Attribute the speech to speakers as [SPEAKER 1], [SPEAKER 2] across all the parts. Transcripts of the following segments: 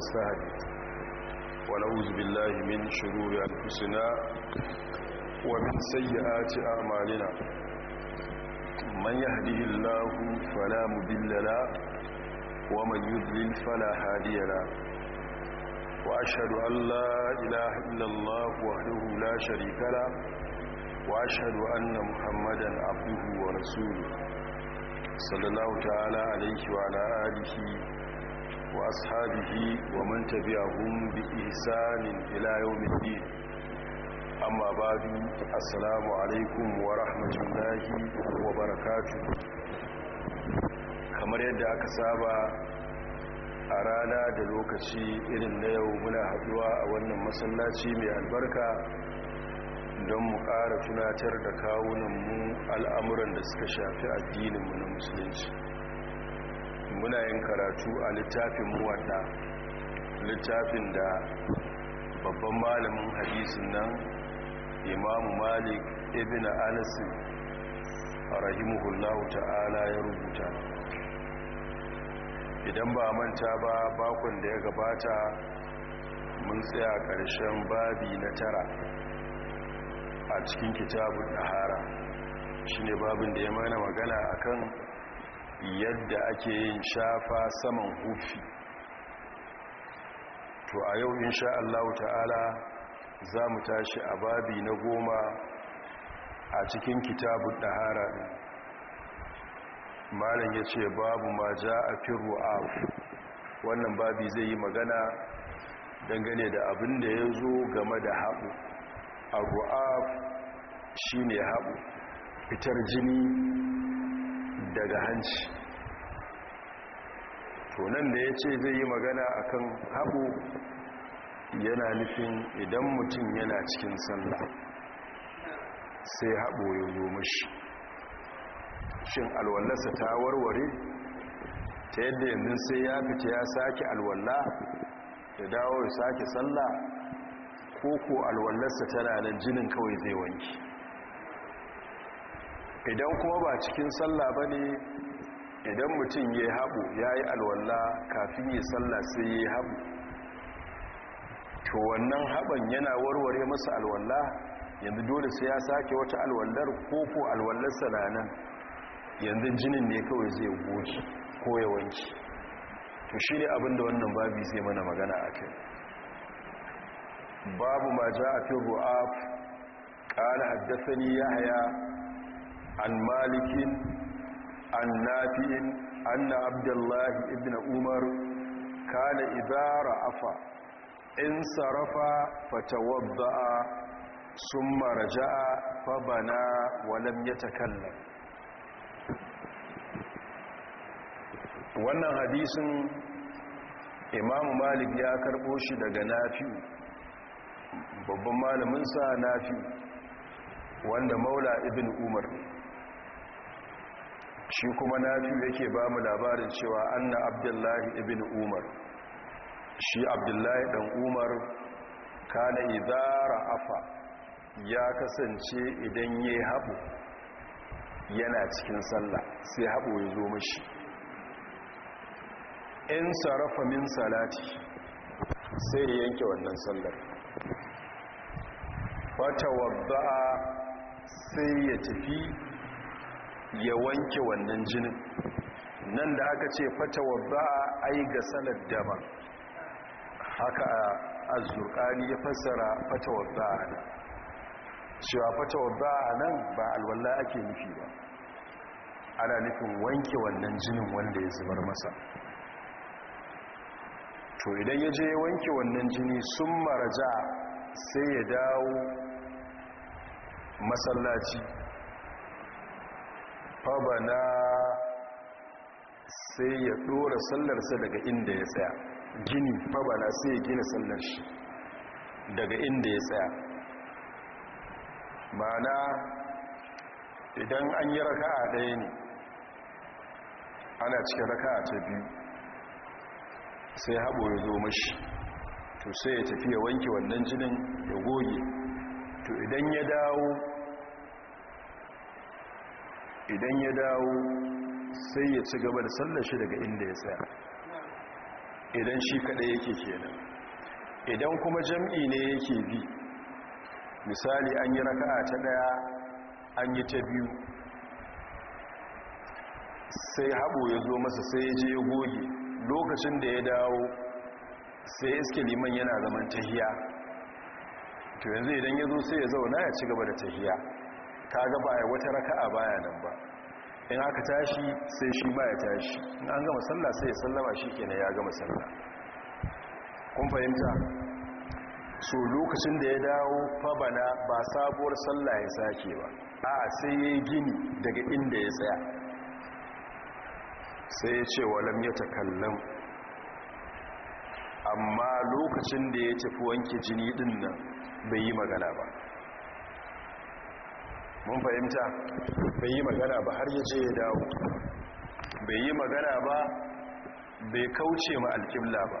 [SPEAKER 1] السهل ونعوذ بالله من شرور أنفسنا ومن سيئات أعمالنا من يهده الله فلا مذل له ومن يذلل فلا هادي له وأشهد أن لا إله إلا الله وحده لا شريك له وأشهد أن محمدا عبده ورسوله صلى الله تعالى عليه وعلى آله wa وأصحابه ومن تبعهم بإحسان إلى يوم Amma babu, بعد السلام wa ورحمة الله وبركاته kamar yadda aka saba a rana da lokaci irin na yau muna haɗuwa a wannan masallaci mai albarka don mu ƙara tunatar da kawunanmu al'amuran da suka shafi addininmu na musulunci muna yin karatu a littafin muwadda littafin da babban malamin hadisin nan imamu malik ibn anasin rahimahullahu ta'ala ya rubuta idan ba manta ba bakon da ya gabata mun tsaya ƙarshen babi na tara a cikin kitabun ɗahara shi ne babin da ya mana magana akan yadda ake yin shafa saman hufi to a yau insha Allah ta'ala za mu tashi a babi na goma a cikin kitabun ɗahara malam ya ce babu ma ja a firu a wannan babi zai yi magana dangane da abin da ya zo game da haɓu a ru'af shi ne haɓu fitar jini daga hanci tonan da ya ce zai yi magana akan haɓo yana nufin idan mutum yana cikin sallah sai haɓo ya zo mashi shin alwallarsa ta warware ta yadda yanzu sai ya fita ya sake alwalla ya dawo ya sake sallah ko ko alwallarsa tana nan jinin kawai zai wanki idan kuma ba cikin sallah ba ne idan mutum ya yi haɓu ya yi alwalla kafin yi sallah sai ya yi haɓu to wannan haɓan yana warware masa alwalla yanzu dole sai ya sake wata alwallar ko koko alwallar sananan yanzu jinin ne kawai zai goce ko yawanci, wanki to shi ne abinda wannan babi zai mana magana a kai babu ma ja a fi ru'af ƙara haddasa ni ya haya an malikin an nafi'in anna abdullahi ibn umar kana idara afa in sarafa fatawadda'a summa raja'a fa bana wa lam yatakallam wannan hadisin Imam malik ya karɓo shi daga nafi'u babban malaminsa nafi wanda maula ibn umar shi kuma nafi yake ba mu labarin cewa anna abdullahi ibn umar shi abdullahi dan umar kana idara afa ya kasance idan ya haɓu yana cikin sallah sai haɓu ya zo mashi in sarrafa min salati sai ya yanke wannan sallar wata wadda sai ya tafi ya wanke wannan jinin nan da aka ce fata a ai ga sanar dama haka azurkani ya fassara fata wabba a nan cewa fata wabba a nan ba alwallah ake nufi ba ana nufin wanke wannan jinin wanda ya zubar masa to idan ya je wanke wannan jini sun maraja sai ya dawo masallaci fabana sai ya dora sallarsa daga inda ya tsaya gini fabana sai ya gina sallar shi daga inda ya tsaya mana idan an yi raka a ɗaya ne ana cikin raka ta biyu sai haɓo ya zo mashi to sai ya tafi ya wanke wannan jinin ya goge to idan ya dawo idan ya dawo sai ya ci gaba da sallar shi daga inda ya tsaya idan shi kaɗai yake kenan idan kuma jam'i ne yake bi misali an yi raka'a ta ɗaya an yi ta biyu sai haɓo ya zo masa sai ya je ya goge lokacin da ya dawo sai iske liman yana zaman tahiya to yanzu idan ya zo sai ya zauna ya ci gaba da tahiya Ta ba a wata raka'a baya nan ba in aka tashi sai shi baya tashi in an gama sallah sai ya sallama shi kenan ya gama sallah kun fahimta so lokacin da ya dawo fa bana ba sabuwar sallah ya sake ba a sai ya gini daga inda ya tsaya sai ya ce walam ya takallam amma lokacin da ya tafi wanke jini din nan bai yi magana ba mun fahimta bai yi magana ba har yace ya dawo bai yi magana ba bai kauce ma alkibla ba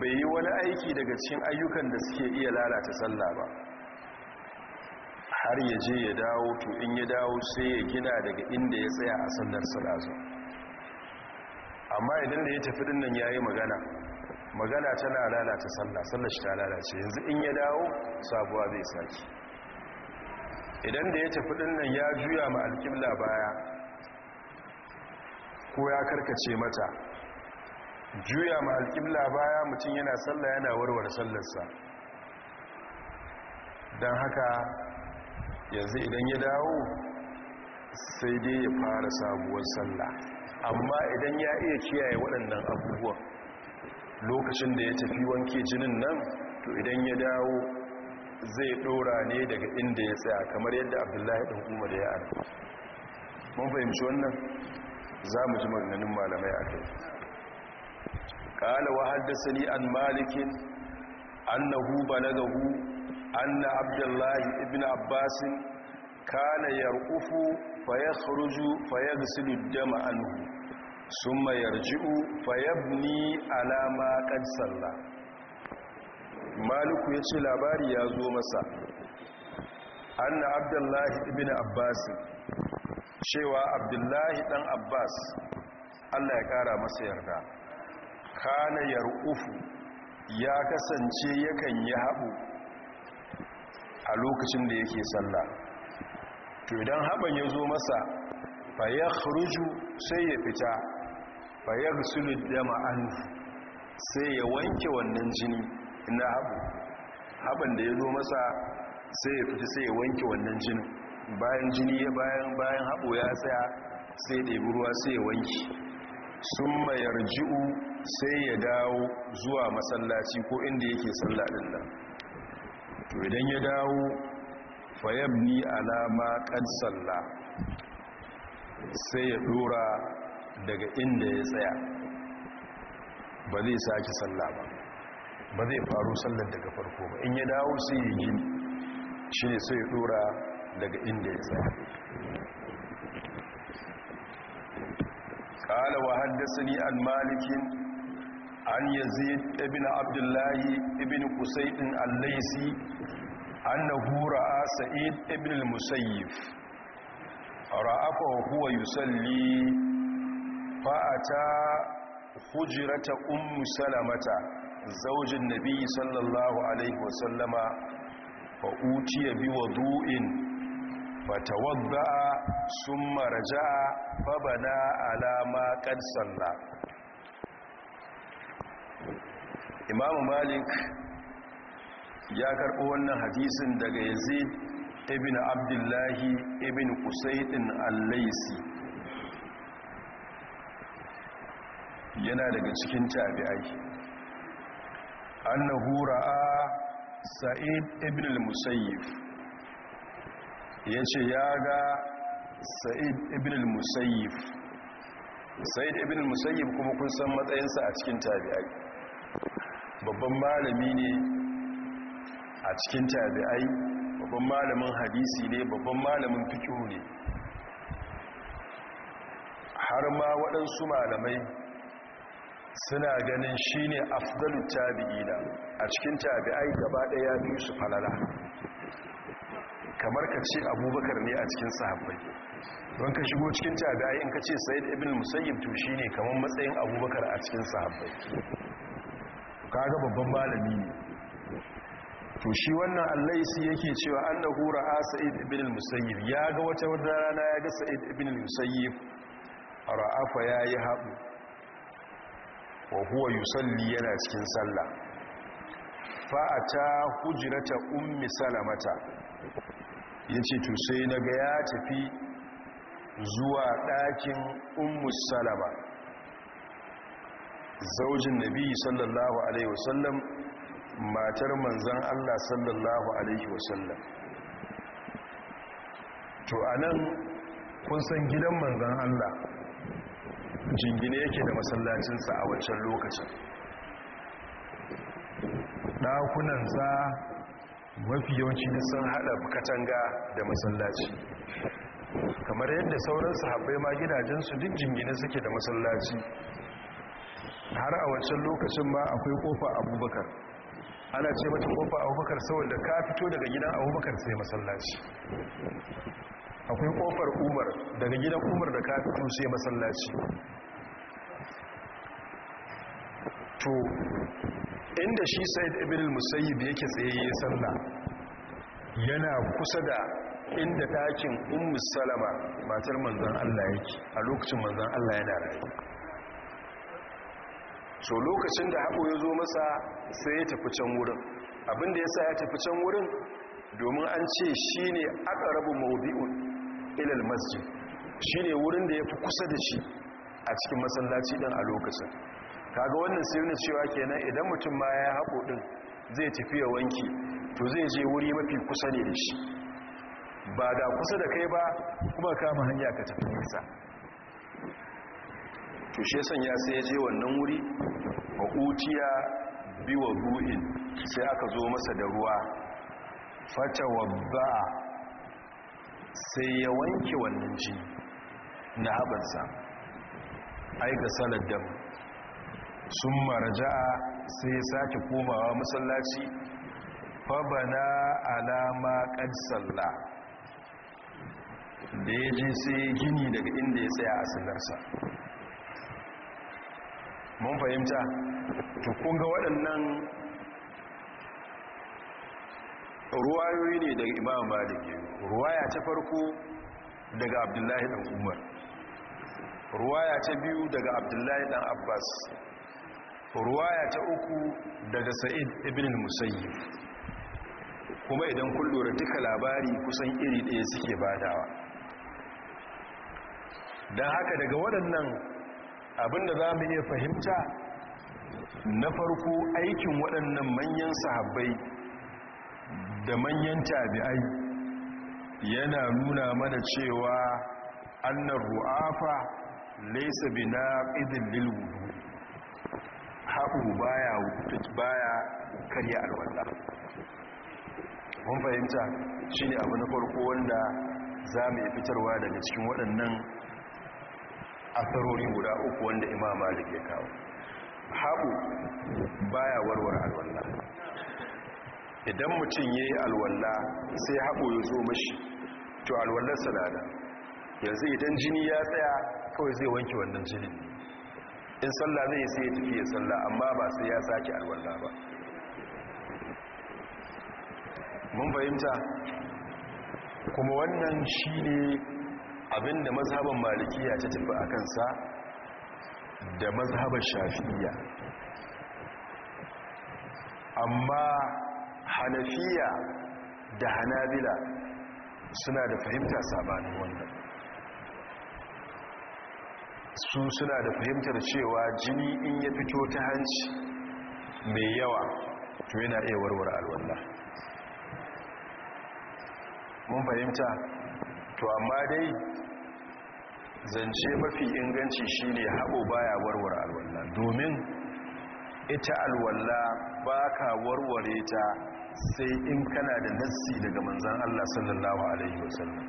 [SPEAKER 1] bai yi wani aiki daga cikin ayyukan da suke iya lalata sallah ba har ya ya dawo to in ya dawo sai ya gina daga inda ya tsaya a sallar salazu amma idan da ya tafi dinnan ya yi magana magana tana lalata sallah sallar shi ta lalace yanzu in ya dawo sabuwa zai saki idan da ya tafi dinnan ya juya ma alƙibla baya ko ya karkace mata juya ma alƙibla baya mutum yana sallah yana warware sallarsa don haka yanzu idan ya dawo sai dai ya fara sabuwar sallah amma idan ya iya kiyaye waɗannan abubuwan lokacin da ya tafi wanke jinin nan to idan ya dawo zai ɗora ne daga inda ya tsaya kamar yadda abdullahi ɗan umar ya mun fahimci wannan za mu ji maganin malamai a kai ƙala wa haddasa ni an malikin gahu an na abdullahi ibn abbasin kana yarqufu faya gasilu dama anhu summa yarji'u fayabni ni alama qad sallah. maliku ya ce labari ya zo masa anna abdullahi ibn abbas cewa abdullahi dan abbas allah ya kara masa yarda kana yar'ufu ya kasance yakan yi haɓu a lokacin da yake sallah to idan haɓan ya zo masa fayar ruju sai ya fita fayar sulud dama an sai ya wanke wannan jini na haɓu haɓan da ya zo masa sai ya fita sai ya wanke wannan jini bayan jini ya bayan bayan haɓo ya tsaya sai ya ruwa sai ya wanke sun mayar ji'u sai ya dawo zuwa masallaci ko inda yake salladin nan to idan ya dawo fayabni alama kan salla sai ya dora daga inda ya tsaya ba zai sake salla ba ba zai faru sallar daga farko ba in ya dawo su yi yi shi ne sai dora daga inda ya tsaye Kala wa haddasa ni an malikin an yă zai ibi na abdullahi ibi na kusai ɗin allaisi an na hura a sa'id ibi musayif ra'afa huwa yusalli fa'ata hujirata ummu salamata zaujin nabi sallallahu alaihi wasallama fa uciya bi wadu'in fatawadda summa raja'a fa bana ala ma qad salla Imam Malik ya karɓo wannan hadisin daga Yazid ibn Abdullahi ibn Usayd al-Laysi yana daga cikin tabi'ai annahu ra'a sa'id ibn al-musayyib yace ya ga sa'id ibn al-musayyib sa'id ibn al-musayyib kuma kun san matsayinsa a cikin tabi'ai babban malami ne a cikin tabi'ai babban malamin hadisi ne babban malamin fiqh ne har ma waɗansu malamai suna ganin shi ne afdalu tabi'ina a cikin tabi'ai gaba ɗaya biyu su falala kamar ka ce abubakar ne a cikin sahabbai don ka shigo cikin tabi'ai in ka ce sayid ibn musayyib to shi ne kamar matsayin abubakar a cikin sahabbai ga babban malami ne to shi wannan allaisi yake cewa an hura a sa'id ibn al-musayyib ya ga wata rana ya ga sa'id ibn al a ra'afa yi haɓu. wa huwa yusalli yana cikin sallah fa'ata hujrata ummi salamata yace to sai naga ya tafi zuwa ɗakin ummu salama zaujin nabi sallallahu alaihi wasallam matar manzan Allah sallallahu alaihi wasallam to anan kun san gidan manzan Allah jingine yake da masallacinsa a wancan lokacin ɗakunansa mafi yawanci sun haɗa katanga da masallaci kamar yadda sauran sahabbai ma gidajensu duk jingine suke da masallaci har a wancan lokacin ma akwai kofa abubakar ana ce mata kofa abubakar saboda ka fito daga gidan abubakar sai masallaci akwai kofar umar daga gidan umar da kafin fito sai masallaci to inda shi sa'id ibn musayyib yake tsaye ya salla, yana kusa da inda ɗakin ummu salama matar manzon Allah yake a lokacin manzon Allah yana rayu so lokacin da hako ya zo masa sai ya tafi can wurin abinda ya ya tafi can wurin domin an ce shine ne aka rabu ilal masjid ne wurin da ya fi kusa da shi a cikin masallaci din a lokacin kaga wannan sirrin cewa kenan idan mutum ma ya haƙo ɗin zai tafi ya wanki to zai je wuri mafi kusa ne da shi ba da kusa da kai ba kuma kama hanya ka tafi nisa to shi yasan ya sai ya je wannan wuri a utiya biwa ruhin sai aka zo masa da ruwa fata wabba sai ya wanke wannan jini na habansa aika salar dam sun marja'a sai ya sake komawa masallaci fabana alama kan salla da ya ji sai gini daga inda ya tsaya a sanarsa? mun fahimta to ga waɗannan ruwayoyi ne daga imam malik yau ruwaya ta farko daga abdullahi dan umar ruwaya ta biyu daga abdullahi dan abbas ruwaya ta uku daga sa'id ibn musayyib kuma idan kun lura duka labari kusan iri ɗaya suke badawa don haka daga waɗannan abinda za mu iya fahimta na farko aikin waɗannan manyan sahabbai da manyan tabi'ai yana nuna mana cewa annar ru'afa bi binaqidin lil wudu haɓu baya baya karya alwala mun fahimta shine abu na farko wanda za mu yi fitarwa daga cikin waɗannan asarori guda uku wanda imama malik ya kawo haɓu baya warware alwala idan mutum ya yi alwalla sai haɓo ya zo mashi to alwallarsa na da yanzu idan jini ya tsaya kawai zai wanke wannan jini. in sallah zai sai ya tafiye sallah amma ba sai ya sake alwalla ba mun fahimta kuma wannan shi ne abinda mazhaban malikiya ta tafi a kansa da mazhaban shafiya amma hanafiya da hanabila suna da fahimta sabanin wannan su suna da fahimtar cewa jini in ya fito ta hanci mai yawa to yana iya warware alwallah mun fahimta to amma dai zance mafi inganci shi ne haɓo baya warware alwallah domin ita alwallah ba ka warware ta sai in kana da nassi daga manzan Allah sallallahu alaihi wasallam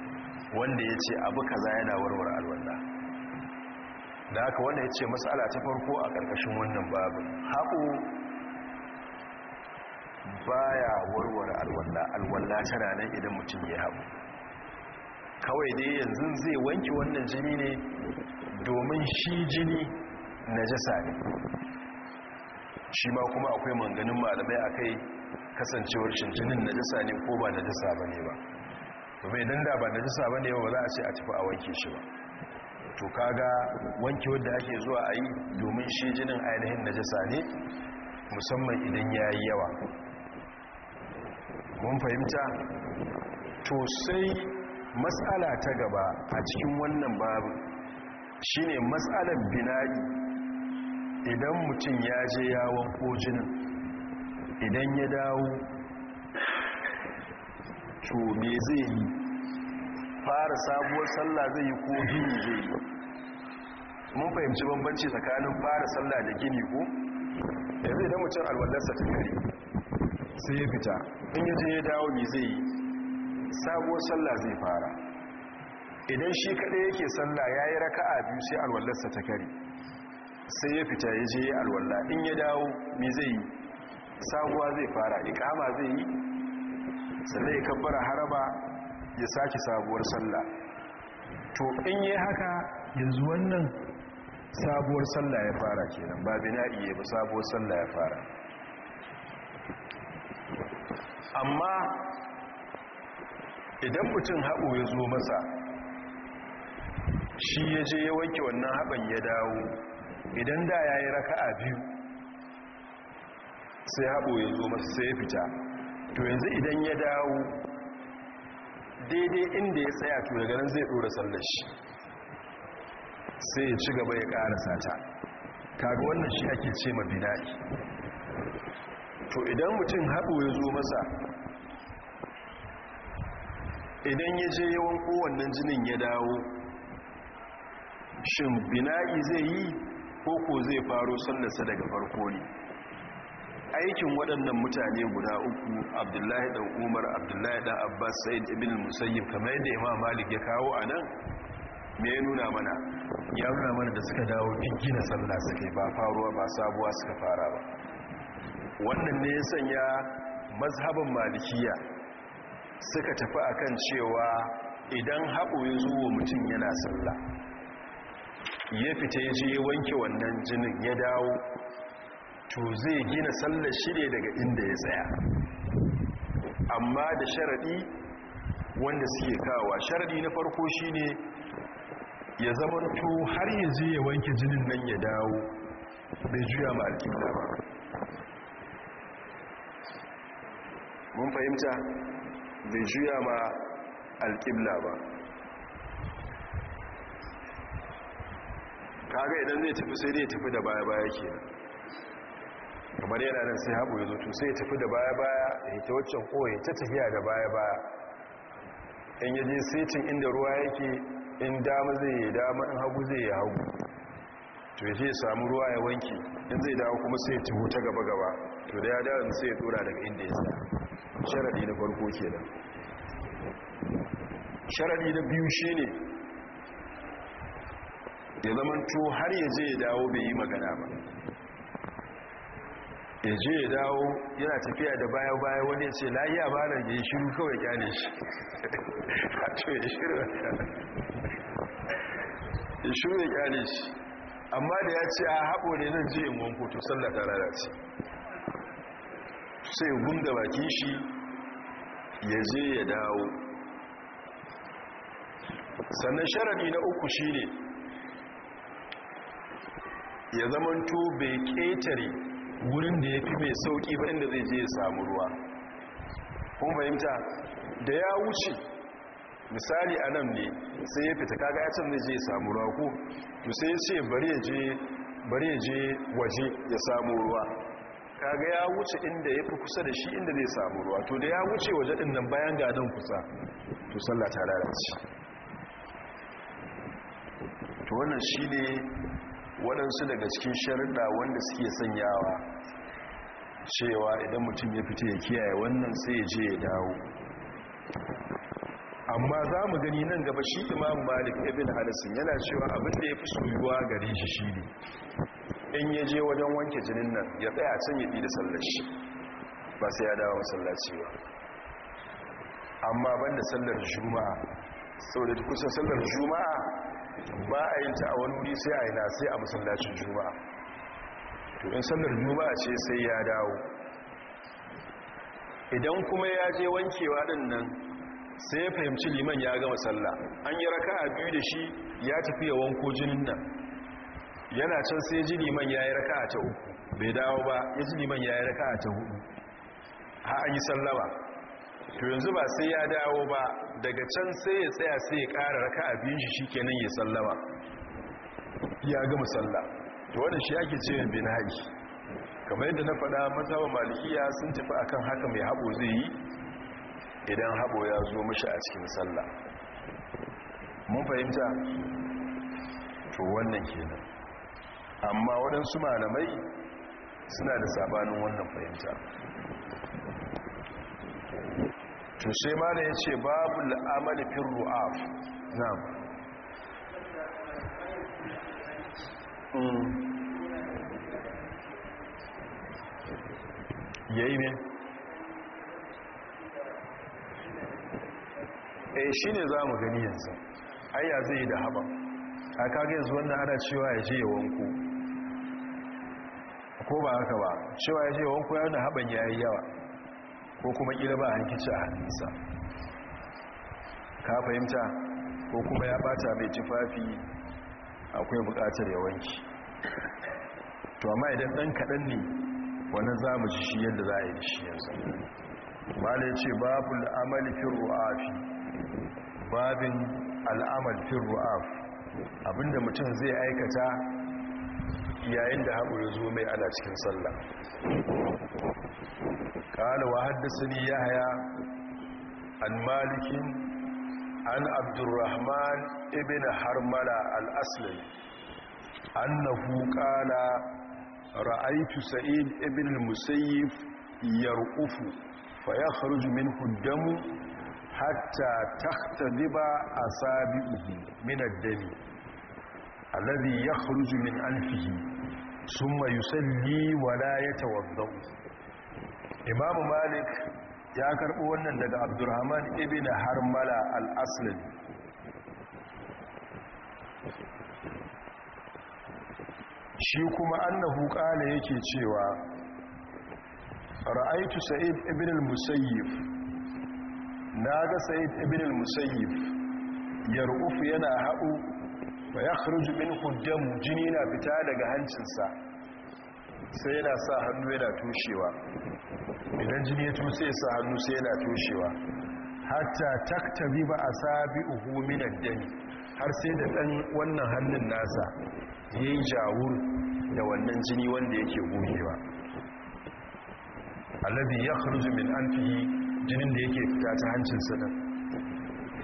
[SPEAKER 1] wanda ya ce abu kaza yana warware alwanda da haka wanda ya ce matsala ta farko a ƙarƙashin wannan babin haƙo ya warware alwanda alwanda tana nan idan mutum ya haɓu kawai dai yanzu zai wanke wannan jini ne domin shi jini najasa ne shi ma kuma akwai manganin malamai a kai kasancewar na najasa ne ko ba jisa ba ne ba domin idan da ba najasa ba ne ba za a ce a tafi a wanke shi ba to kaga wanke wadda ake zuwa a yi domin shi jinin ainihin najasa ne musamman idan ya yi yawa mun fahimta to sai matsala ta gaba a cikin wannan babu shine matsalar bina'i idan mutum ya je yawon ko jinin idan ya dawo to me zai yi fara sabuwar sallah zai yi ko gini zai yi mun fahimci bambanci tsakanin fara sallah da gini ko zai dan mutum alwallarsa ta kare sai ya fita in yaje ya dawo me zai yi sabuwar sallah zai fara idan shi kaɗai yake sallah ya yi raka'a biyu sai alwallarsa ta kare sai ya fita ya je alwalla in ya dawo me zai yi sabuwa zai fara ikama zai yi sannan ya kabbara haraba ya sake sabuwar sallah to in yi haka yanzu wannan sabuwar sallah ya fara kenan ba bina'i ya ba sabuwar sallah ya fara amma idan mutum haɓo ya zo masa shi ya je ya wanke wannan haɓan ya dawo idan da ya yi raka'a biyu sai haɓo ya zo masu sai ya fita to yanzu idan ya dawo daidai inda ya tsaya to daga nan zai ɗora sallashi sai ya ci gaba ya ƙara ta kaga wannan shi ake ce ma bina'i to idan mutum haɓo ya zo masa idan ya je yawan kowannan jinin ya dawo shin bina'i zai yi ko ko zai faro sallarsa daga farko ne aikin waɗannan mutane guda uku abdullahi ɗan umar abdullahi ɗan abbas sa'id ibn musayyib kamar yadda imam malik ya kawo a nan me ya nuna mana ya nuna mana da suka dawo gina sallah suka ba faruwa ba sabuwa suka fara ba wannan ne ya sanya mazhabin malikiya suka tafi a kan cewa idan haɓo ya zuwa mutum yana sallah ya fita ya je wanke wannan jinin ya dawo to zai gina sallar shirya daga inda ya tsaya amma da sharaɗi wanda suke kawa sharaɗi na farko shi ne ya to har ya zai ya wanke jinin nan ya dawo bai juya ma alƙibla ba mun fahimta bai juya ma alƙibla ba kaga idan zai tafi sai dai tafi da baya-baya kenan kamar yana nan sai haɓo ya zo to sai ya tafi da baya-baya ya hita waccan koya ta tafiya da baya-baya in yaje sai cin inda ruwa yake in dama zai yi dama in hagu zai yi hagu to ya ce ya samu ruwa ya wanki in zai dawo kuma sai ya tuhu ta gaba-gaba to da ya dawo sai ya dora daga inda ya sa sharadi na farko kenan sharadi na biyu shi ne ya zamanto har ya je ya dawo bai yi magana ba ya je ya dawo yana tafiya da baya-baya wani ya ce na a banar ya yi shiru kawai kyane shi a ce ya shiru ya shiru ya kyane shi amma da ya ce a haɓo ne nan je in wanko to sallah ta lalace sai gunda bakin shi ya je ya dawo sannan sharaɗi na uku shi ne ya zamanto bai ƙetare wurin da ya fi mai sauƙi ba inda zai je ya samu ruwa kuma fahimta da ya wuce misali a nan ne sai ya fita kaga ya can zai je ya samu ruwa ko to sai ya ce bari ya je waje ya samu ruwa kaga ya wuce inda ya fi kusa da shi inda zai samu ruwa to da ya wuce waje ɗin nan bayan ga nan kusa to sallah ta lalace to wannan shi ne waɗansu daga cikin sharuɗa wanda suke sanyawa cewa idan mutum ya fita ya kiyaye wannan sai ya je ya dawo amma za mu gani nan gaba shi imam malik ibn hadasin yana cewa abinda ya fi soyuwa gari shi shi ne in ya je wajen wanke jinin nan ya tsaya can ya ɗi da sallashi ba sai ya dawo masallaci ba amma ban da sallar juma'a sau da kusa sallar juma'a ba a yin ta a wani wuri sai a yi na sai a masallacin juma'a to in sallar juma'a ce sai ya dawo idan kuma ya je wankewa din nan sai ya fahimci liman ya ga masalla. an yi raka a biyu da shi ya tafi ya wanko jinin nan yana can sai ji liman ya yi raka a ta uku bai dawo ba ya ji liman ya yi raka a ta hudu ha an yi sallama to yanzu ba sai ya dawo ba daga can sai ya tsaya sai ya ƙara raka a biyun shi shikenan ya sallama ya gama sallah to wannan shi ake bin haji kamar yadda na faɗa mazhaba malikiya sun tafi akan haka mai habo zai yi idan habo ya zo mashi a cikin sallah mun fahimta to wannan kenan amma waɗansu malamai suna da sabanin wannan fahimta to sai da ya ce babu la'amali fi ru'af na'am mm. yi eh, ne eh za mu gani yanzu ayya zai yi da haɓa a kage yanzu wannan ana cewa ya je ya wanko ko ba haka ba cewa ya je ya wanko ya wani yayi yawa ko kuma ƙila ba hankici a hannunsa ka fahimta ko kuma ya bata mai tufafi akwai bukatar yawanci to amma idan ɗan kaɗan ne wani za mu ci shi yadda za a yi shi yanzu bala ya ce babu al'amali fin ru'afi babin al'amal fin ru'af abinda mutum zai aikata yayin da haɓu ya zo mai ana cikin sallah قال وحدثني يحيى عن مالك عن عبد الرحمن ابن حرملة الأسلم أنه قال رأيت سعيد ابن المسيف يرؤف فيخرج منه الدم حتى تختلب أصابعه من الدم الذي يخرج من أنفه ثم يسلي ولا يتوضأ imam malik ya karɓi wannan daga abdurrahman ibn harmala al-aslin shi kuma annahu ƙala yake cewa ra'aitu sa'id ibn al musayyib na sa'id ibn al-musayyif yarqufu yana haɓu wa yakhruju min hujjam jini na fita daga hancinsa sai yana sa hannu yana tushewa idan jini ya tutse sa hannu sai yana tushewa. hatta taktabi ba a sabi uhu minar dani har sai da ɗan wannan hannun nasa ya yi jawur da wannan jini wanda yake gogewa alabi ya min an fi jinin da yake fita ta hancin sanar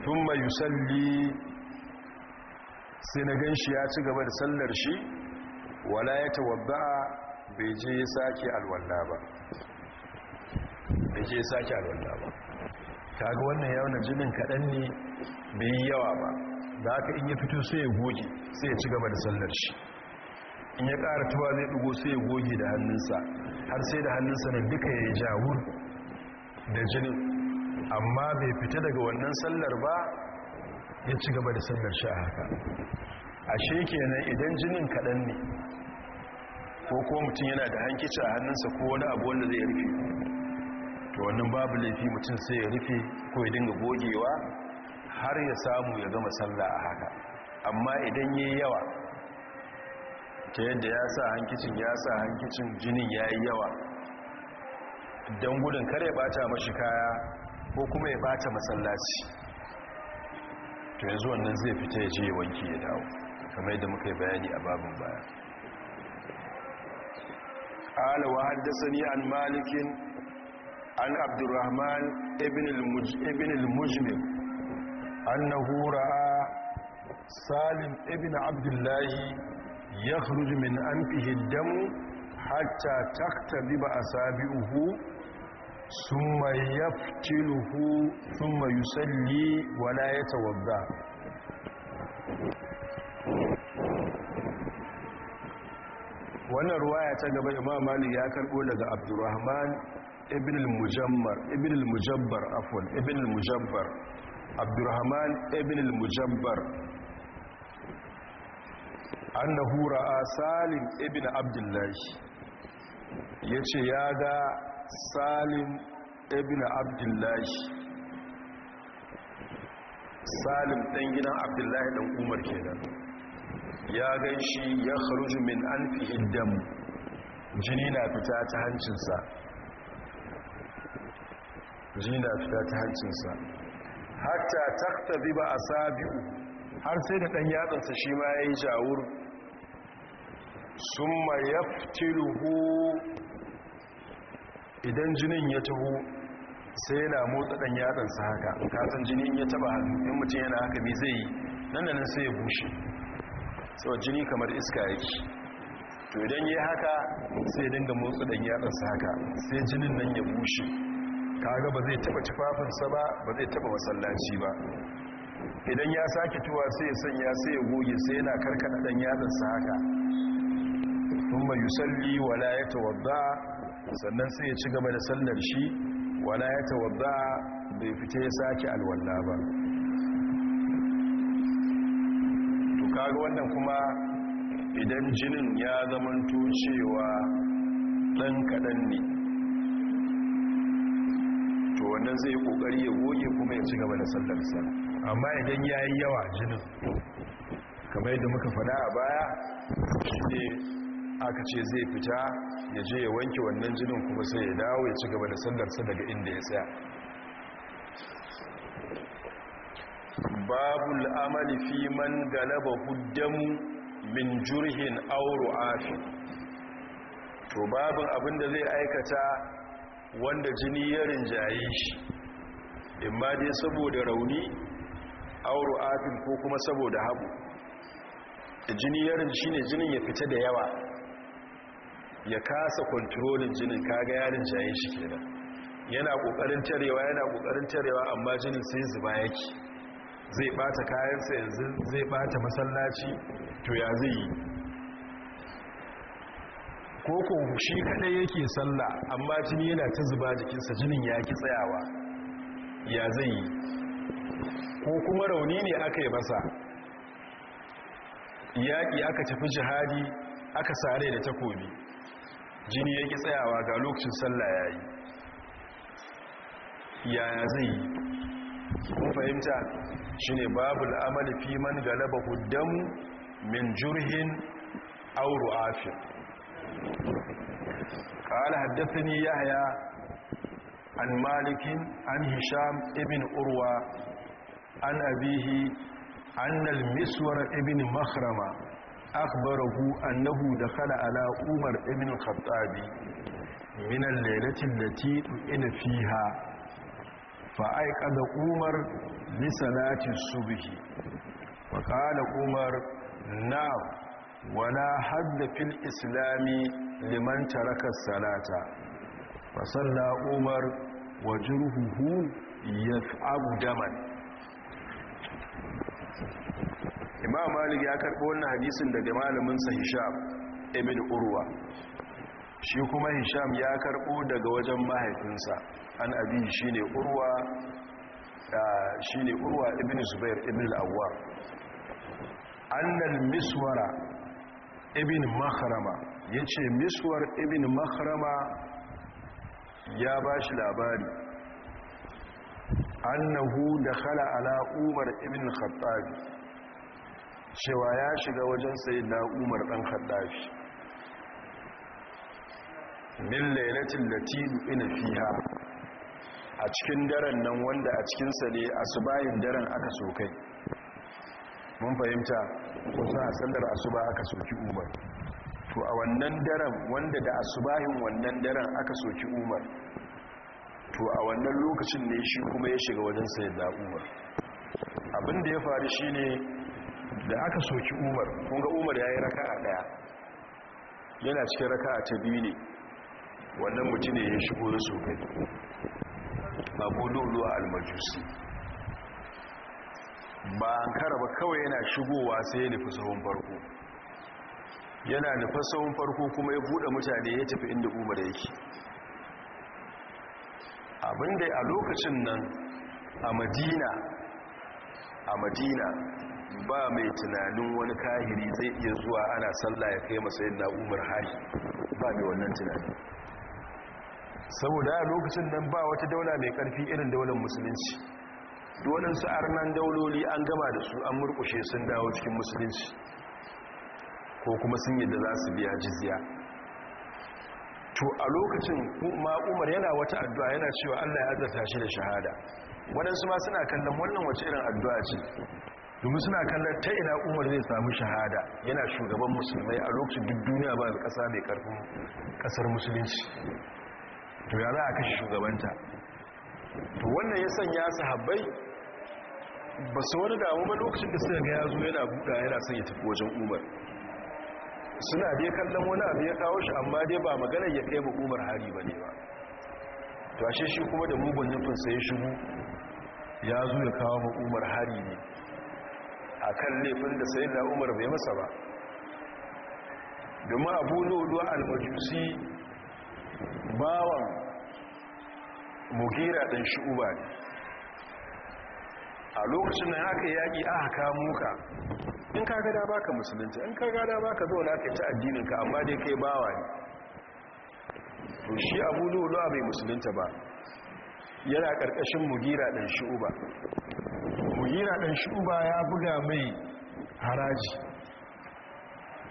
[SPEAKER 1] tun mai yusalli sai na gan shi ya ci gaba da sallar shi wala ya tawabba bai je ya sake alwallah ba da ke sake alwanda ba kaga wannan yawon jinin kaɗan ne bai yi yawa ba da haka in ya fito sai ya goge sai ya ci gaba da sallar shi in ya ƙara tuwa zai ɗugo sai ya goge da hannunsa har sai da hannunsa na duka ya yi jawur da jinin amma bai fita daga wannan sallar ba ya ci gaba da sallar shi a haka ashe kenan idan jinin kaɗan ne ko ko mutum yana da hankici a hannunsa ko wani abu wanda zai rufe to wannan babu laifi mutum sai ya rufe ko ya dinga gogewa har ya samu ya gama sallah a haka amma idan yayi yawa ta yadda ya sa hankicin ya sa hankicin jinin yayi yawa don gudun kar ya bata mashi kaya ko kuma ya bata masallaci to yanzu wannan zai fita ya je wanki ya dawo kamar yadda muka yi bayani a babin baya قال وحدثني عن مالك عن عبد الرحمن ابن ابن المجمل أنه رأى سالم ابن عبد الله يخرج من أنفه الدم حتى تقتبب أسابعه ثم يفتله ثم يسلي ولا يتوضأ wannan ruwaya ta gaba imam malik ya karbo daga abdurrahman ابن al ابن ibn al-mujabbar afwan ibn al-mujabbar abdurrahman ibn al-mujabbar annahu ra'a salim ibn abdullah yace ya ga salim ibn abdullah salim dan gidan abdullahi dan umar kenan ya ganshi ya kharuju min anfihi dam jini na fita ta hancinsa jina fita ta hancinsa hatta takta ziba a sabi'u har sai da ɗan yatsansa shi ma ya yi jawur sun ma ya idan jinin ya taho sai yana motsa ɗan yatsansa haka kasan jinin ya taba hannu in mutum yana haka mai zai yi nan da nan sai ya bushe sau jini kamar iska yake to idan yi haka sai dinga motsa ɗan yatsansa haka sai jinin nan ya bushe kaga ba zai taba tufafinsa ba ba zai taba masallaci ba idan ya sake tuwa sai ya sanya sai ya goge sai yana karkada dan yatsansa haka kuma yusalli wala ya tawadda sannan sai ya ci gaba da sallar shi wala ya tawadda bai fice ya sake alwala ba to kaga wannan kuma idan jinin ya zamanto cewa dan kadan ne to wannan zai yi kokari ya goge kuma ya ci gaba da sallarsa amma idan yayi yawa jinin kamar yadda muka faɗa a baya shi aka ce zai fita ya je ya wanke wannan jinin kuma sai ya dawo ya ci gaba da sallarsa daga inda ya tsaya babu al'amali fi man galaba huddamu min jurhin auro afi to babin abinda zai aikata wanda jini ya rinjaye shi in ba dai saboda rauni auro afin ko kuma saboda habu jini ya rinci ne jinin ya fita da yawa ya kasa kontrolin jinin kaga ya rinjaye shi kenan yana kokarin tarewa yana kokarin tarewa amma jinin sai zuba yake zai bata kayansa yanzu zai bata masallaci to ya zai yi Koko, shi kadai yake sallah amma jini yana ta zuba jikinsa jinin ya ki tsayawa ya zai yi ko kuma rauni ne aka yi masa yaƙi aka tafi jihadi aka sare da takobi jini ya ki tsayawa ga lokacin sallah ya yi yaya zai yi kun fahimta shi ne babu al'amali fi man galaba huddamu min jurhin auru afin قال حدثني يحيى عن مالك عن هشام ابن أروى عن أبيه أن المسور ابن مخرم أخبره أنه دخل على عمر ابن الخطاب من الليلة التي إن فيها فأيقظ عمر لصلاة الصبح وقال عمر نعم wala hadda fil islami liman taraka salata fa umar wa jurhuhu yaf'abu daman imam malik ya karbo wannan hadisin daga malamin sa hisham ibn urwa shi kuma hisham ya karbo daga wajen mahaifinsa an abi shine urwa shine urwa ibn zubair ibn al-awwam annal miswara ibn mahrama ya ce miswar ibn mahrama ya ba shi labari annahu da khala ala umar ibn khattabi cewa ya shiga wajen sai na umar dan khattabi min lailatin latidu ina fiha a cikin daren nan wanda a cikinsa ne asubayin daren aka so kai mun fahimta wasu a sandar asuba aka soki umar to a wannan daren wanda da asubahin wannan daren aka soki umar to a wannan lokacin ne shi kuma ya shiga wajen sayar da umar abinda ya faru shi ne da aka soki umar kunga umar ya yi raka a daya yana cikin raka a ta biyu ne wannan mutum ne ya shigo da sokai Abu lulu a almajusi ba an kara ba kawai yana shigowa sai ya nufi sahun farko yana nufi sahun farko kuma ya buɗe mutane ya tafi inda umar yake abinda a lokacin nan a madina a madina ba mai tunanin wani kahiri zai iya zuwa ana sallah ya kai masa yin na'umar hari ba mai wannan tunanin saboda a lokacin nan ba wata daula mai karfi irin daular musulunci sa'ar arnan dauloli an gama da su an murkushe sun dawo cikin musulunci ko kuma sun yi da za su biya jiziya. to a lokacin ma'umar umar yana wata addu'a yana cewa allah ya azarta shi da shahada waɗansu ma suna kallon wannan wace irin addu'a ce domin suna kallon ta ina umar zai samu shahada yana shugaban musulmai a lokacin duk duniya ba da ƙasa mai ƙarfin ƙasar musulunci to ya za a kashe shugabanta to wannan ya sanya sahabbai ba su wani damu ba lokacin da suka ga ya zo yana buɗa yana son ya tafi wajen umar suna dai kallon wani abu ya kawo shi amma dai ba maganar ya kai ba umar hari ba ne ba to ashe shi kuma da mugun nufin sai shigo ya zo ya kawo ma umar hari ne a kan laifin da sayin da umar bai masa ba domin abu al-majusi bawan mugira ɗan shi'uba ne a lokacin da haka yaƙi aka kamo ka in ka gada ba ka musulunci in ka gada ba ka zauna ka ci addininka amma dai kai bawa ne to shi abu lulu bai musulunta ba yana ƙarƙashin mugira ɗan shi'uba mugira ɗan shi'uba ya buga mai haraji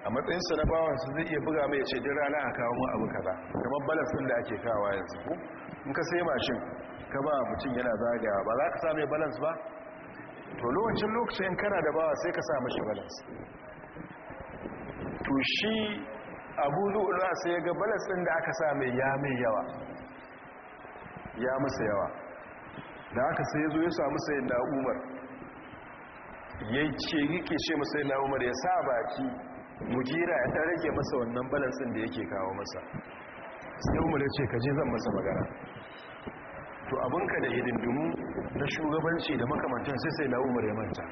[SPEAKER 1] a matsayinsa na bawansa zai iya buga mai ce din rana a kawo mu abu kaza kamar balas da ake kawo yanzu in ka sai mashin ka ba mutum yana zagaya ba za ka sa mai balance ba to lokacin lokacin kana da bawa sai ka sa mashi balance to shi abu zuwa sai ya ga balance ɗin da aka sa mai ya mai yawa ya masa yawa da aka sai ya zo ya samu umar ya ce yake ce masa yin na'umar ya sa baki mujira ya tare ke masa wannan balansin da yake kawo masa sai umar ya ce kaje zan masa magana to ka da hidindimu na shugabanci da makamantan sai sai na ya manta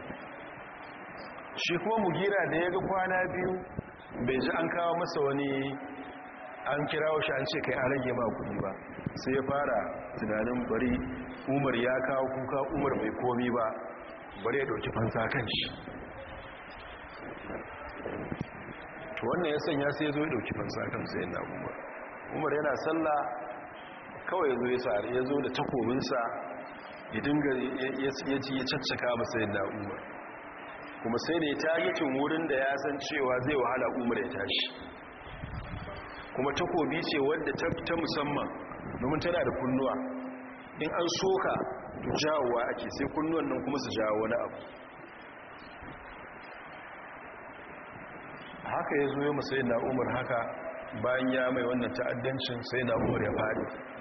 [SPEAKER 1] shi kuma mu mugira da ya ga kwana biyu bai ji an kawo masa wani an kirawo shi an ce kai an rage ba kudi ba sai ya fara tunanin bari umar ya kawo kuka umar bai komi ba bari ya dauki fansa kan shi wannan ya sanya sai ya zo ya dauki fansa kan sai na umar umar yana sallah kawai ya zo ya tsari ya zo da takobinsa ya dinga ya ci ya caccaka ba sai da umar kuma sai da ya wurin da ya san cewa zai wahala umar ya tashi kuma takobi ce wadda ta musamman domin tana da kunnuwa in an soka to jawowa ake sai kunnuwan nan kuma su jawo wani abu haka ya zo ya musayi na umar haka bayan ya mai wannan ta'addancin sai na umar ya faɗi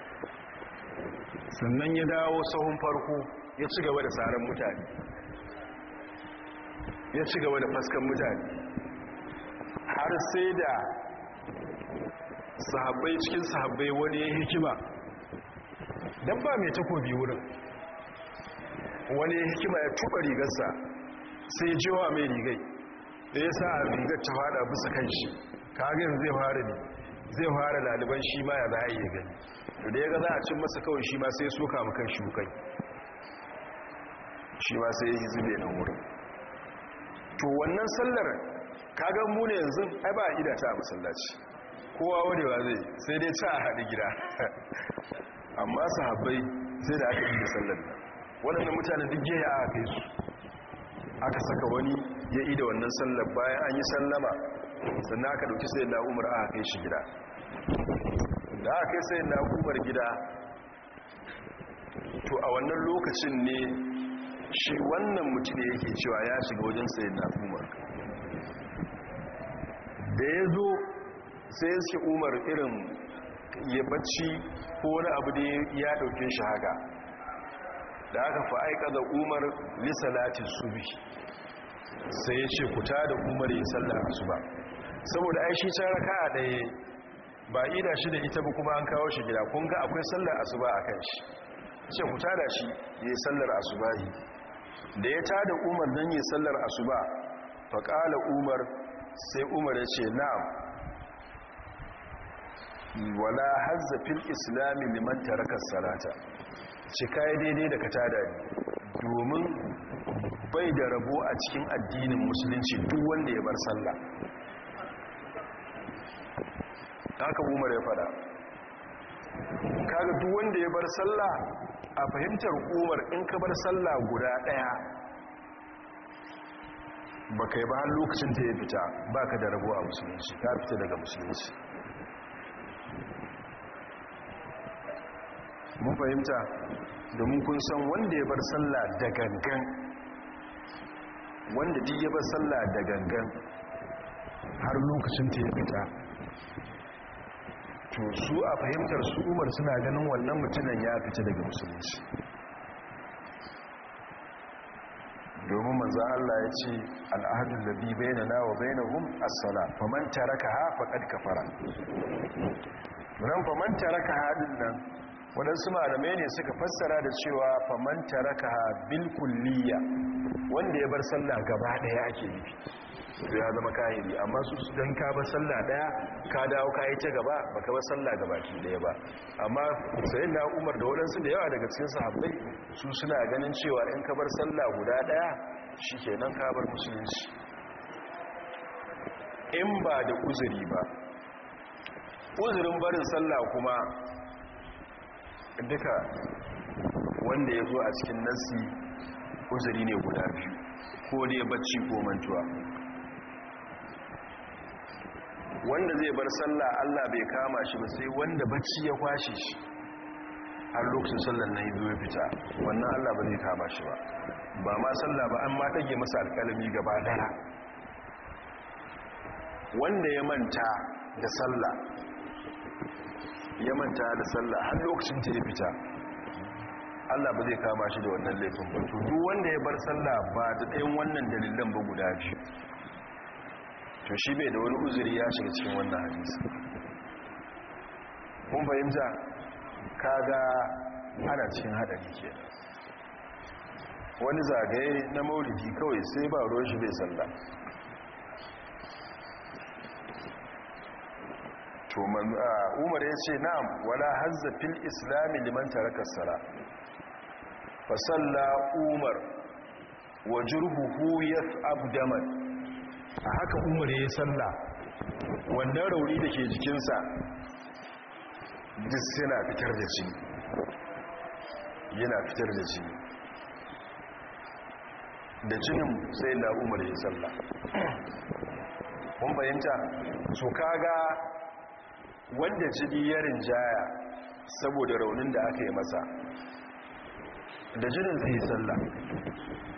[SPEAKER 1] sannan ya dawo sahun farko ya ci gaba da tsaron mutane ya ci gaba da faskan mutane har sai da sahabbai cikin sahabbai wani ya hikima don ba mai takobi wurin wani ya hikima ya tuba rigarsa sai jiwa mai rigai da ya sa a rigar ta fada bisa kan shi kagin zai fara ne zai fara laliban shi ma ya za yi gani da ya ga za a cin masa kawai shi ma sai soka makan shukai shi ma sai yi zube na wurin to wannan sallar kagan gan muna yanzu ai ba a ta a masallaci kowa ba zai sai dai ci a haɗu gida amma su haɓai sai da aka ida sallar da waɗannan mutane duk gaya a kai su aka saka wani ya ida wannan sallar bayan an yi sallama sannan aka ɗauki sai la'umar umar a kai shi gida da aka yi sayin na gida to a wannan lokacin ne shi wannan mutum da yake cewa ya shiga wajen sayin na umar da ya zo sai suke umar irin ya bacci ko wani abu da ya dauke shi haka da aka fa'aika da umar lissalatin bi, sai ya ce kuta da umar ya sallar ba. saboda aishi can raka a ɗaya ba ida shi da ita ba kuma an kawo shi gida kun ga akwai sallar asuba a kan shi ce ku tada shi yi sallar asuba yi da ya tada umar don yi sallar asuba faƙala umar sai umar ya ce na'am wala hazzafin islami liman tarakar salata ce kayi daidai da ka tada ne domin bai da rabo a cikin addinin musulunci duk wanda ya bar sallah haka umar ya fada kaga duk wanda ya bar sallah a fahimtar umar in ka bar salla guda daya ba kai ba lokacin da ya fita ba ka da rabuwa a musulunci ka fita daga musulunci mun fahimta domin kun san wanda ya bar sallah da gangan wanda duk ya bar sallah da gangan har lokacin ta ya fita to su a fahimtar su umar suna ganin wannan mutunan ya fita daga musulunci domin manzan Allah ya ce al'adun da bi bayna na wa bayna hun asala faman ka ha faqad fara ran faman taraka ha haɗin nan waɗansu malamai ne suka fassara da cewa faman ka ha bilkulliya, wanda ya bar sallah gaba ɗaya ake yi. su ya zama kahiri amma su don ka ba sallah daya ka dawo ka yi ta gaba ba ka ba sallah gaba ki daya ba amma sai na umar da waɗansu da yawa daga cikin sahabbai su suna ganin cewa in ka bar sallah guda daya shi ke nan ka bar musulunci in ba da uzuri ba uzurin barin sallah kuma duka wanda ya zo a cikin nasi uzuri ne guda biyu ko dai bacci ko mantuwa wanda zai bar sallah Allah bai kama shi ba sai wanda bacci ya kwashe shi har lokacin sallar na yi ya fita wannan Allah ba zai kama shi ba ba ma sallah ba an mata ge masa alƙalami gaba dara wanda ya manta da sallah ya manta da sallah har lokacin ta ya fita Allah ba zai kama shi da wannan laifin ba duk wanda ya bar sallah ba da ɗayan wannan dalilan ba guda biyu to shi bai da wani uzuri ya shiga cikin wannan hadisi kun fahimta kaga ana cikin hadari ke wani zagaye na maulidi kawai sai ba ruwan shi bai salla to umar ya ce na'am wala hazza fil islami liman taraka sala fa salla umar wa jurhuhu yas'ab daman a haka umar ya salla wannan rauni da ke jikinsa duk yana fitar da shi yana fitar da shi da jinin sai na umar ya salla kun bayanta su kaga wanda jini ya rinjaya saboda raunin da aka yi masa da jinin zai yi salla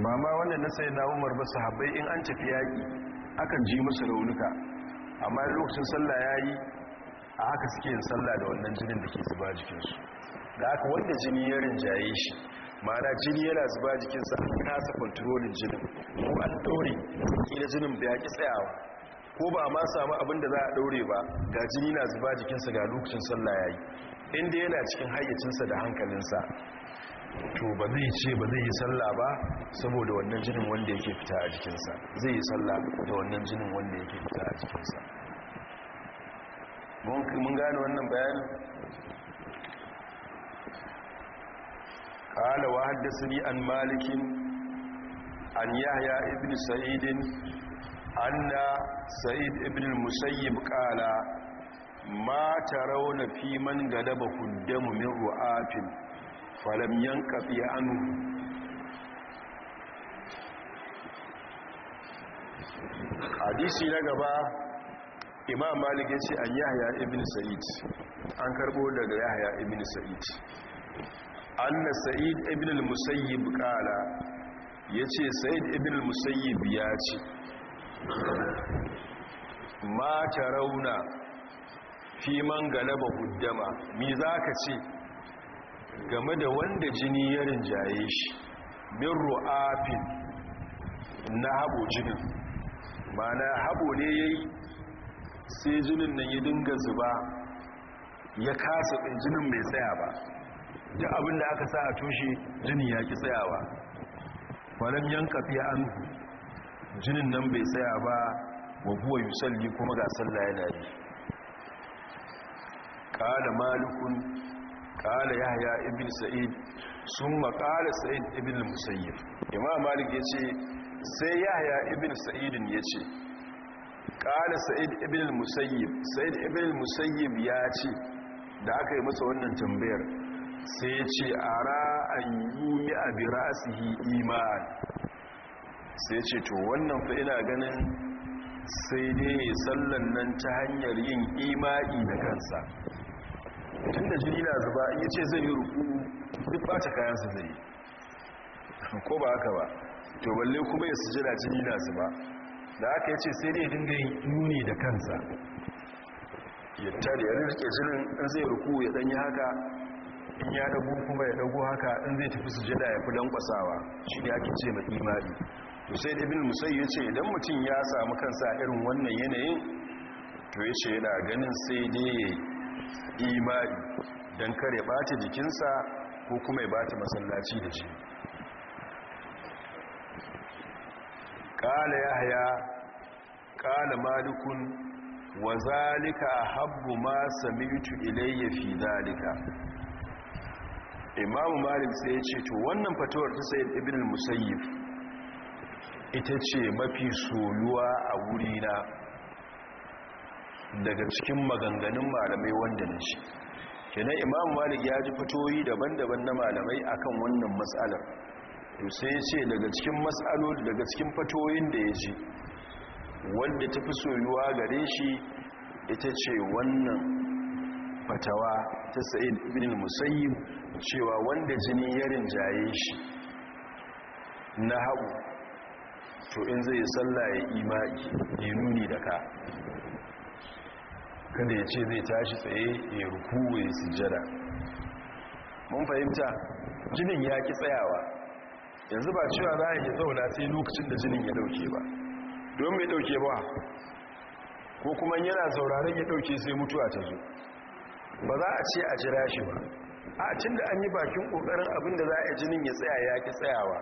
[SPEAKER 1] ba ma wannan na sai na umar ba sahabbai in an tafi yaƙi akan ji musu raunuka amma lokacin sallah ya yi a haka suke yin sallah da wannan jinin da ke zuba jikinsu da aka wanda jini ya rinjaye shi ma'ana jini yana zuba jikinsa a kasa kwantarolin jinin ko an ɗore kila jinin da ya ƙi tsayawa ko ba ma samu abin da za a ɗaure ba ga jini na zuba jikinsa ga lokacin sallah ya yi inda yana cikin hayyacinsa da hankalinsa to ba zai ce ba zai yi sallah ba saboda wannan jinin wanda yake fita a jikinsa zai yi sallah da wannan jinin wanda yake fita a jikinsa mun gane wannan bayanin قال وحدثني عن مالك عن يحيى ابن سعيد أن سعيد ابن المسيب قال ما ترون في من غلبكم دم من رعاف falam yanka ya anu hadisi na gaba imam malik ya ce an yahya ibn sa'id an karbo daga yahya ibn sa'id anna sa'id ibn al-musayyib qala yace sa'id ibn al-musayyib ya ce ma rauna fi man galaba huddama mi zaka ce game da wanda jini ya rinjaye shi min ru'afin na haɓo jinin na haɓo ne ya yi sai jinin nan yi dinga zuba ya kasa ɗin jinin mai tsaya ba da abin da aka sa a tushe jini ya ki tsayawa falon yanka fiye an jinin nan bai tsaya ba wa buwa yusalli kuma ga sallah yana yi ƙada malikun ƙala yahya ibn sa'id sun maƙala sa'id ibn musayyib imam malik ya ce sai yahya ibn sa'idin ya ce ƙala sa'id ibn musayyib sa'id ibn musayyib ya ce da aka yi masa wannan tambayar sai ya ce a ra'an yi a iman sai ce to wannan fa ina ganin sai dai sallan nan ta hanyar yin imani da kansa tun da jini na zuba in ce zai yi ruku duk ta kayansa zai yi ko ba haka ba to balle kuma ya da jini na zuba da aka yace sai dai dinga yin nuni da kansa ya tare ya rike jinin in zai ruku ya yi haka in ya dago kuma ya dago haka in zai tafi suje da ya fi lankwasawa shi ne ake ce mai imani to sai ibn musayyib ce idan mutum ya samu kansa irin wannan yanayin to yace yana ganin sai dai imani don kare ɓata jikinsa ko kuma ya bata masallaci da shi ƙala ya haya ƙala malikun wa zalika a habbu ma samitu ilayya fi zalika imamu malik sai ya ce to wannan fatawar ta sayi ibn musayyif ita ce mafi soyuwa a wurina daga cikin maganganun malamai wanda na shi kenan imam malik ya ji fitoyi daban-daban na malamai akan wannan matsalar sai ce daga cikin matsaloli daga cikin fitoyin da ya ji wanda ta fi soyuwa gare shi ita ce wannan fatawa ta sa'id ibn musayyib cewa wanda jini ya rinjaye shi na hagu. to in zai sallah ya imai ya nuni da ka kada ya ce zai tashi tsaye ya ruku ya sujjada mun fahimta jinin ya ki tsayawa yanzu ba cewa za a yi zauna sai lokacin da jinin ya dauke ba don mai dauke ba ko kuma yana sauraron ya dauke sai mutuwa ta zo ba za a ce a jira shi ba a cin da an yi bakin kokarin abin da za a jinin ya tsaya ya ki tsayawa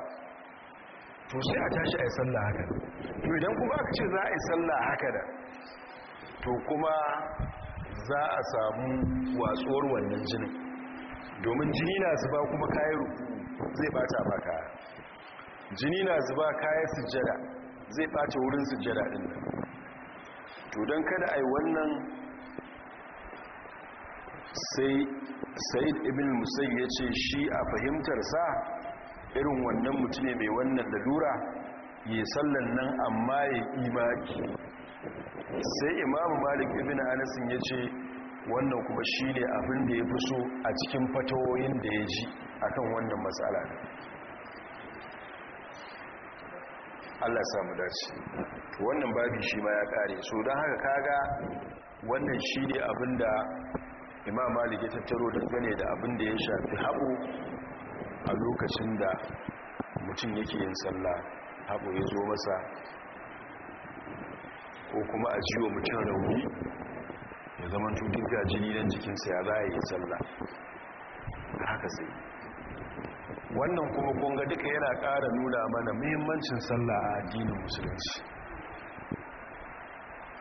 [SPEAKER 1] to sai a tashi a yi sallah haka to idan kuma aka ce za a yi sallah haka da to kuma za a samu watsuwar wannan jinin domin jini na zuba kuma kayan ruku zai bata baka jini na zuba kayan sujjada zai bata wurin sujjada din nan to don kada a yi wannan sai said ibn musayi ya ce shi a fahimtar sa irin wannan mutum ne mai wannan lalura ya sallan nan amma ya imaki sai imamu malik ibn anasin ya ce wannan kuma ne abin da ya fi so a cikin fatawoyin da ya ji a kan wannan matsala ne. Allah samu dace wannan babi shi ma ya kare so don haka kaga wannan shi ne da imam malik ya tattaro dangane da abin da ya shafi haɓo a lokacin da mutum yake yin sallah haɓo ya zo masa ko kuma a ciwo mutum rauni ya zama tutun ga jini jikinsa ya za a yi sallah haka sai wannan kuma kunga duka yana ƙara nuna mana muhimmancin sallah a addinin musulunci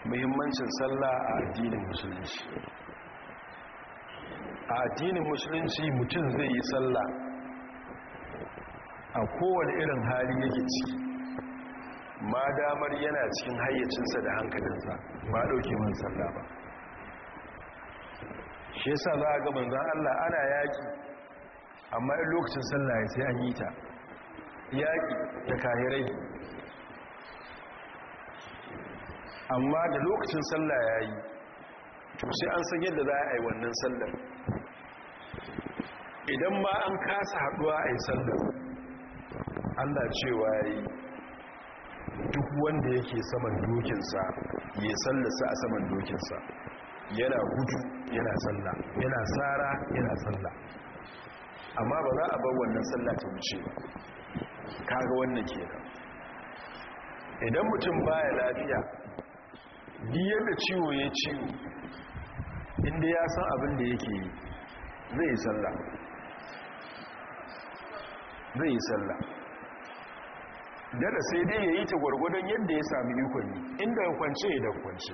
[SPEAKER 1] muhimmancin tsalla a addinin musulunci a addinin musulunci mutum zai yi sallah a kowane irin hali yake ciki ma damar yana cikin hayyacinsa da hankalinsa ba ɗauke man sallah ba shi sa za a ga zan Allah ana yaƙi amma in lokacin sallah ya sai an yi ta yaƙi da kahirai amma da lokacin sallah ya yi to sai an san yadda za a yi wannan sallar idan ma an kasa haɗuwa a yi sallar Allah cewa ya yi duk wanda yake saman dokinsa ya sallasa a saman dokinsa yana gudu yana salla yana tsara yana salla amma ba za a bar wannan salla ta wuce ba kaga wannan kenan idan mutum baya lafiya biyar da ciwo ya ciwo inda ya san abin da yake yi zai yi salla zai yi salla dada sai dai ya yi ta gwargwadon yadda ya sami ikon yi inda ya kwance ya da kwance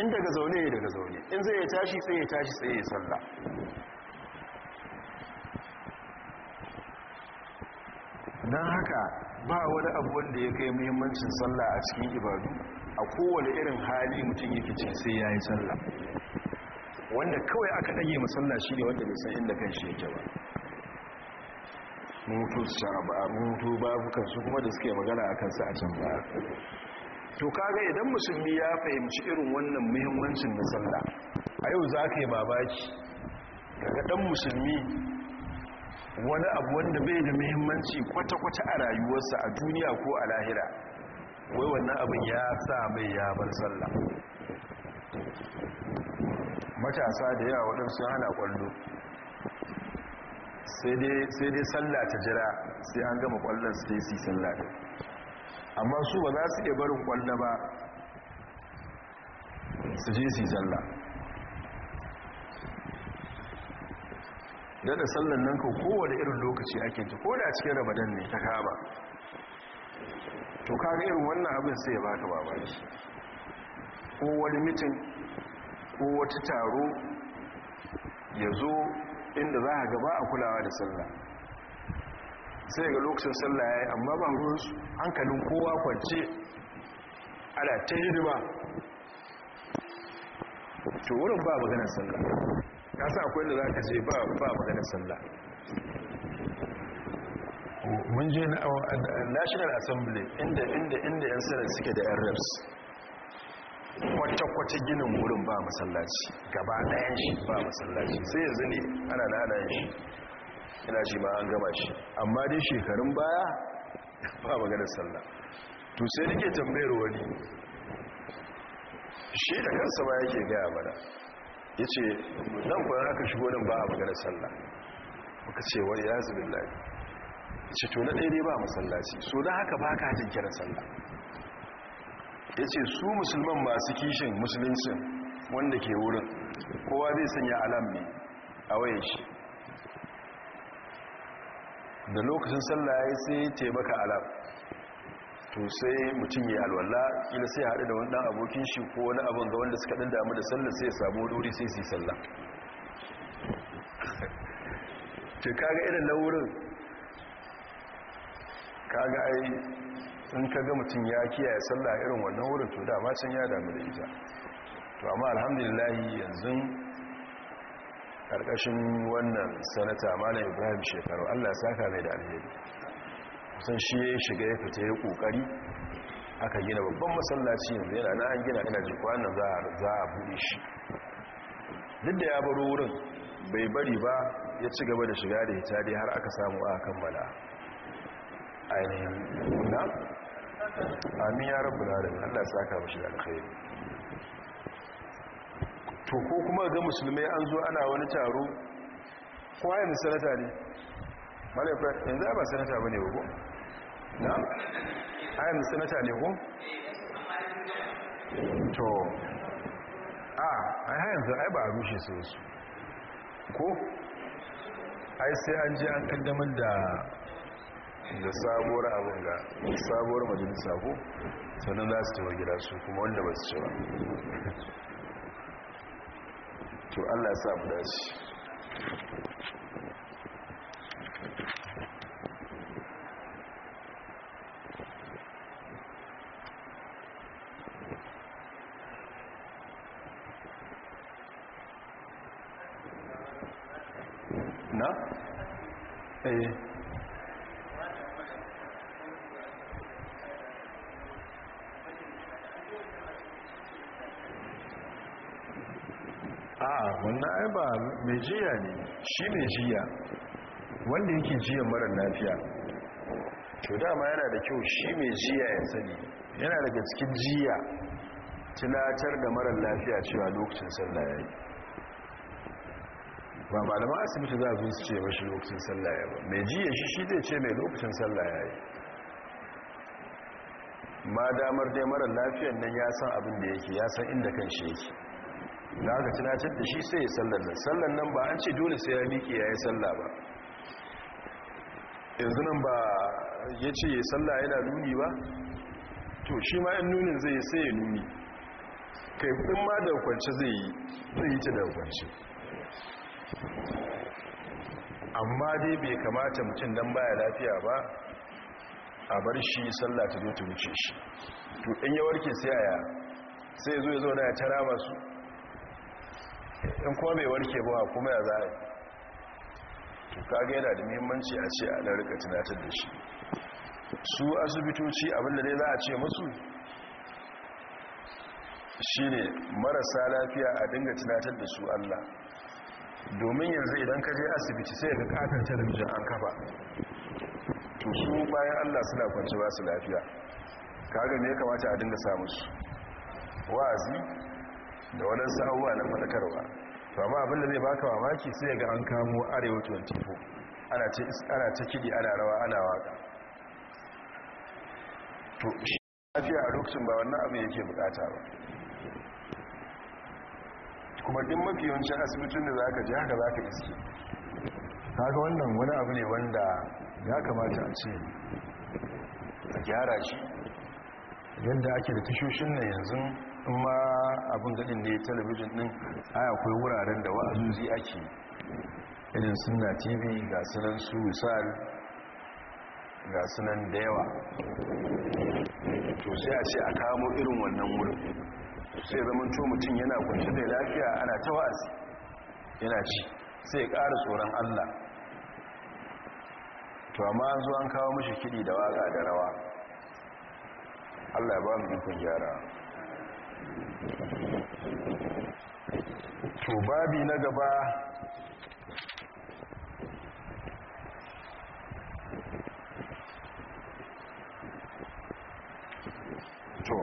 [SPEAKER 1] in daga zaune ya daga zaune in zai ya tashi sai ya tashi sai ya salla don haka ba wani abu wanda ya kai muhimmancin salla a cikin ibadu a kowane irin hali mutum yake ce sai ya yi salla wanda kawai aka ɗage masalla shi ne wanda bai san inda kan shi yake ba mutu jaraba babukan su kuma da suke magana a kansu a can ba to kaga idan musulmi ya fahimci irin wannan muhimmancin na sallah a yau za ka yi babaki daga ɗan musulmi wani abu wanda bai da muhimmanci kwata-kwata a rayuwarsa a duniya ko a lahira wai wannan abin ya sa mai ya bar sallah matasa da yawa waɗansu hana ƙwallo sai dai sallah ta jira sai an gama kwallon sai su yi sallah amma su ba za su iya barin kwallon ba su je su yi sallah da sallan nan ka kowane irin lokaci ake ta ko da cikin ramadan ne ta kama to kaga irin wannan abin sai ya baka ba ko wani mitin ko wata taro ya zo inda za a gaba a kulawa da sallah sai ga lokacin sallah ya yi amma ban rusu hankalin kowa kwance ana ta ba to wurin ba magana sallah ya sa akwai da za ka ce ba magana sallah mun je na uh, national assembly inda inda inda yan sanar suke da yan reps kwata-kwata ginin wurin ba masallaci gaba ɗayan shi ba masallaci sai yanzu ne ana nana shi ina shi ma an gama shi amma dai shekarun baya ba maganar sallah to sai nake tambayar wani shi da kansa ba yake gaya mana ya ce nan kwanan aka shigo nan ba a maganar sallah muka ce wani ya billahi ce to na ɗaya ne ba masallaci so na haka ba ka jin kiran sallah ya ce su musulman masu kishin musulunci wanda ke wurin kowa zai sanya alam ne a wayan shi da lokacin sallah ya sai ce maka alam to sai mutum ya alwala ila sai haɗu da wani ɗan abokin shi ko wani abin ga wanda suka ɗin damu da sallah sai ya samu wuri sai su yi sallah ce kaga irin na wurin kaga ai in ka ga mutum ya kiyaye sallah irin wannan wurin to dama can ya damu da ita to amma alhamdulillah yanzu karkashin wannan sanata malam ibrahim shekaru allah saka mai da alheri kusan shi ya shiga ya fita ya kokari aka gina babban masallaci yanzu yana na an gina ina jikwa na za a buɗe shi duk da ya baro wurin bai bari ba ya ci gaba da shiga da dai har aka samu a kammala ainihin na amin ya rabu larin allah saka mashi da alkhairi to ko kuma ga musulmai an zo ana wani taro kowa yanzu sanata ne malaifar yanzu ba sanata ba ne ko na yanzu sanata ne ko to a ai yanzu ai ba a rushe sai su ko ai sai an ji an kaddamar da da sabuwar abin ga sabuwar majalisa ko sannan za su cewa gida su kuma wanda ba su cewa to allah sa mu dace mai jiya ne shi mai jiya wanda yake jiya marar lafiya to dama yana da kyau shi mai jiya ya sani yana daga cikin jiya tunatar da marar lafiya cewa lokacin sallah ya yi ba malaman asibiti za su ce mashi lokacin sallah ya ba mai jiya shi shi zai ce mai lokacin sallah ya yi ma damar dai marar lafiyan nan ya san abin da yake ya san inda kan shi yake da aka tunatar da shi sai ya sallan nan sallan nan ba an ce dole sai ya miƙe ya yi salla ba yanzu nan ba ya ce ya salla yana nuni ba to shi ma yan nunin zai yi sai ya nuni kai ma da kwanci zai yi zai yi ta da kwance amma dai bai kamata mutum don baya lafiya ba a bar shi sallah ta zo ta wuce shi to in ya warke sai ya sai ya zo ya zauna ya tara masu in kuma mai warke ba kuma ya zai to kaga yana da muhimmanci a ce a rika tunatar da shi su asibitoci abinda dai za a ce musu ne marasa lafiya a dinga tunatar da su Allah domin yanzu idan ka je asibiti sai ga da talabijin an kafa to su bayan Allah suna kwanci ba su lafiya kage ne ya kamata a dinga samu su wa'azi da waɗansu abubuwa na faɗakarwa to amma abinda zai baka mamaki sai ga an kamo arewa 24 ana ta kiɗi ana rawa ana waka to shi lafiya a lokacin ba wannan abin yake bukata ba kuma ɗin mafi yawancin asibitin da za ka ji haka za ka iske haka wannan wani abu ne wanda ya kamata a ce a gyara shi yadda ake da tashoshin na yanzu kuma abin gadin ne talabijin din ai akwai wuraren da wa'azuzi ake irin suna tv ga sunan su wisal ga sunan da yawa to sai a ce a kamo irin wannan wurin sai zaman to mutum yana kunshi da lafiya ana ta wa'azi yana ci sai ƙara tsoron allah to amma an zo an kawo mashi kiɗi da waƙa da rawa allah ya ba mu ikon gyara to babi na gaba to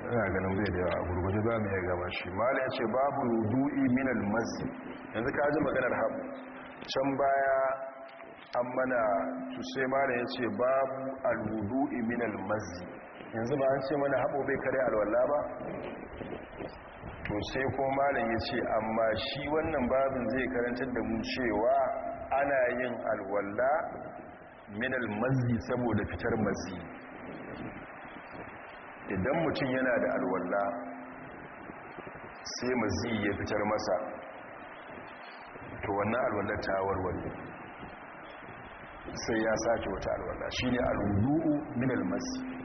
[SPEAKER 1] ina ganin zai da yawa a gurguje za mu iya gaba shi mala ya ce babu rudu'i minal masu yanzu ka ji maganar haɓu can baya an mana to sai mala ya ce babu al-rudu'i minal masu yanzu ba an ce mana haɓo bai kare alwallah ba to sai ko malam ya ce amma shi wannan babin zai karantar da mu cewa ana yin alwallah minal mazi saboda fitar mazi idan mutum yana da alwallah sai mazi ya fitar masa to wannan alwallah ta warware sai ya sake wata alwallah ne alwudu minal mazi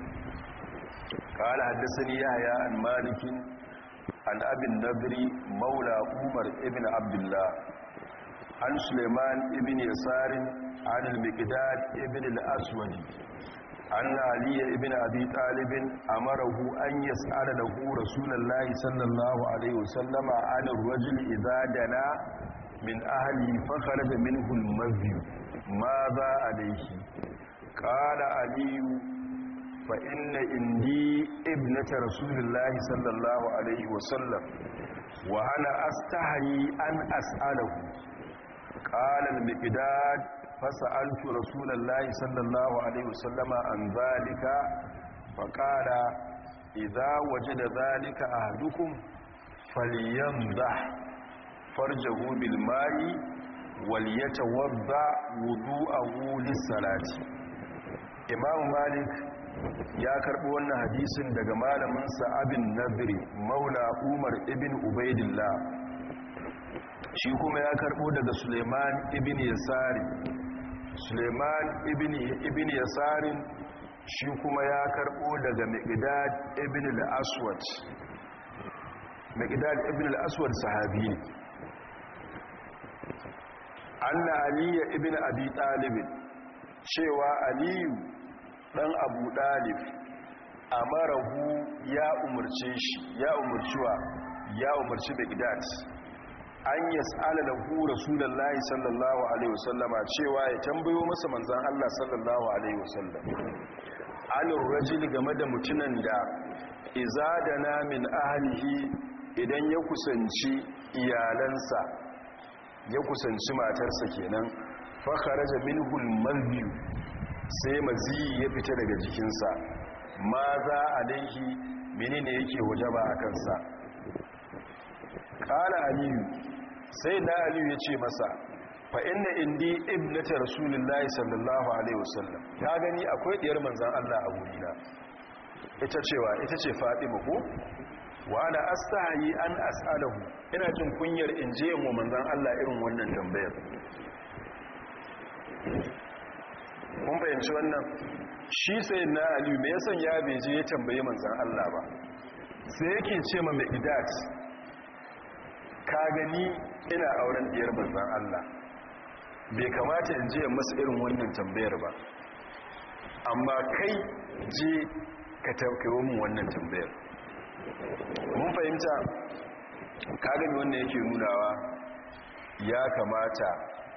[SPEAKER 1] قال حدثني يحيى عن مالك عن ابي النضر مولى عمر ابن عبد الله عن سليمان ابن يسار عن المقداد ابن الاسود عن علي ابن ابي طالب امره ان يسال له رسول الله صلى الله عليه وسلم عن الرجل اذا دنا من أهلي فخرج منه المذي ماذا عليه قال علي fa inna indi ibnata rasulillahi sallallahu alaihi wasallam wa ana astahi an as'alahu qala al-miqdad fas'altu rasulallahi sallallahu alaihi wasallama an zalika fa qala idza wajada zalika ahdukum falyanzah farjahu bil ma'i wal yatawadda wudu'ahu lis-salati imam malik ya karbi wannan hadisin daga malamin sa'abin nadri maula umar ibn ubaidillah shi kuma ya karbo daga suleiman ibn yasari suleiman ibn yasari shi kuma ya karbo daga miqdad ibn al-aswad miqdad ibn al-aswad sahabi ne anna aliya ibn abi talib cewa aliyu Dan abu dalif a marahu ya umarce shi ya umarciwa ya umarci da gidat an yas'ala lahu rasulullahi sallallahu alaihi wasallama cewa ya tambayo masa manzon Allah sallallahu alaihi wasallam alur rajul game da mutunan da izadana min ahlihi idan ya kusanci iyalansa ya kusanci matarsa kenan fakharaja minhu al-madhi sai maziyi ya fita daga jikinsa ma za a laihi mini ne yake wajaba a kansa ƙala aliyu sai na aliyu ya ce masa fa inna indi ibnata rasulullahi sallallahu alaihi wasallam ta gani akwai ɗiyar manzan Allah a wurina ita cewa ita ce fatima ko wa ana astahi an as'alahu ina jin kunyar in je wa manzan Allah irin wannan tambayar Mun fahimci wannan shi sai na aliyu mai yasan ya beji ya tambaye manzan Allah ba sai yake ce ma mai idat ka gani ina auren diyar manzan Allah bai kamata in je masu irin wannan tambayar ba amma kai je ka taukewa mu wannan tambayar mun fahimta ka gani wannan yake nunawa ya kamata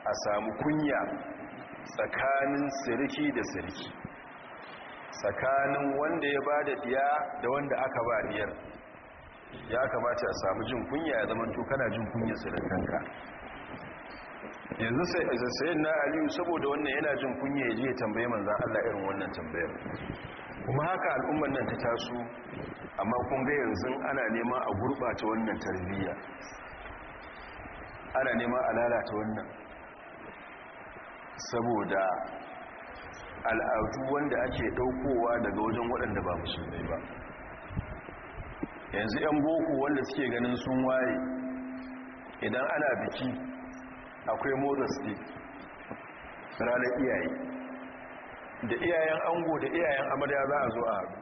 [SPEAKER 1] a samu kunya tsakanin siriki da siriki tsakanin wanda ya ba da diya da wanda aka ba diyar ya kamata a samu jin kunya ya zama to kana jin kunya sirikanka yanzu sai na aliyu saboda wannan yana jin kunya ya je tambaye manzan allah irin wannan tambayar kuma haka al'ummar nan ta taso amma kun ga yanzu ana nema a gurɓata wannan tarbiyya ana nema a lalata wannan saboda al'adu wanda ake ɗaukowa daga wajen waɗanda ba musulmai ba yanzu 'yan boko wanda suke ganin sun waye idan ana biki akwai motsa suke. ranar iyaye da iyayen ango da iyayen amarya za a zo a haɗu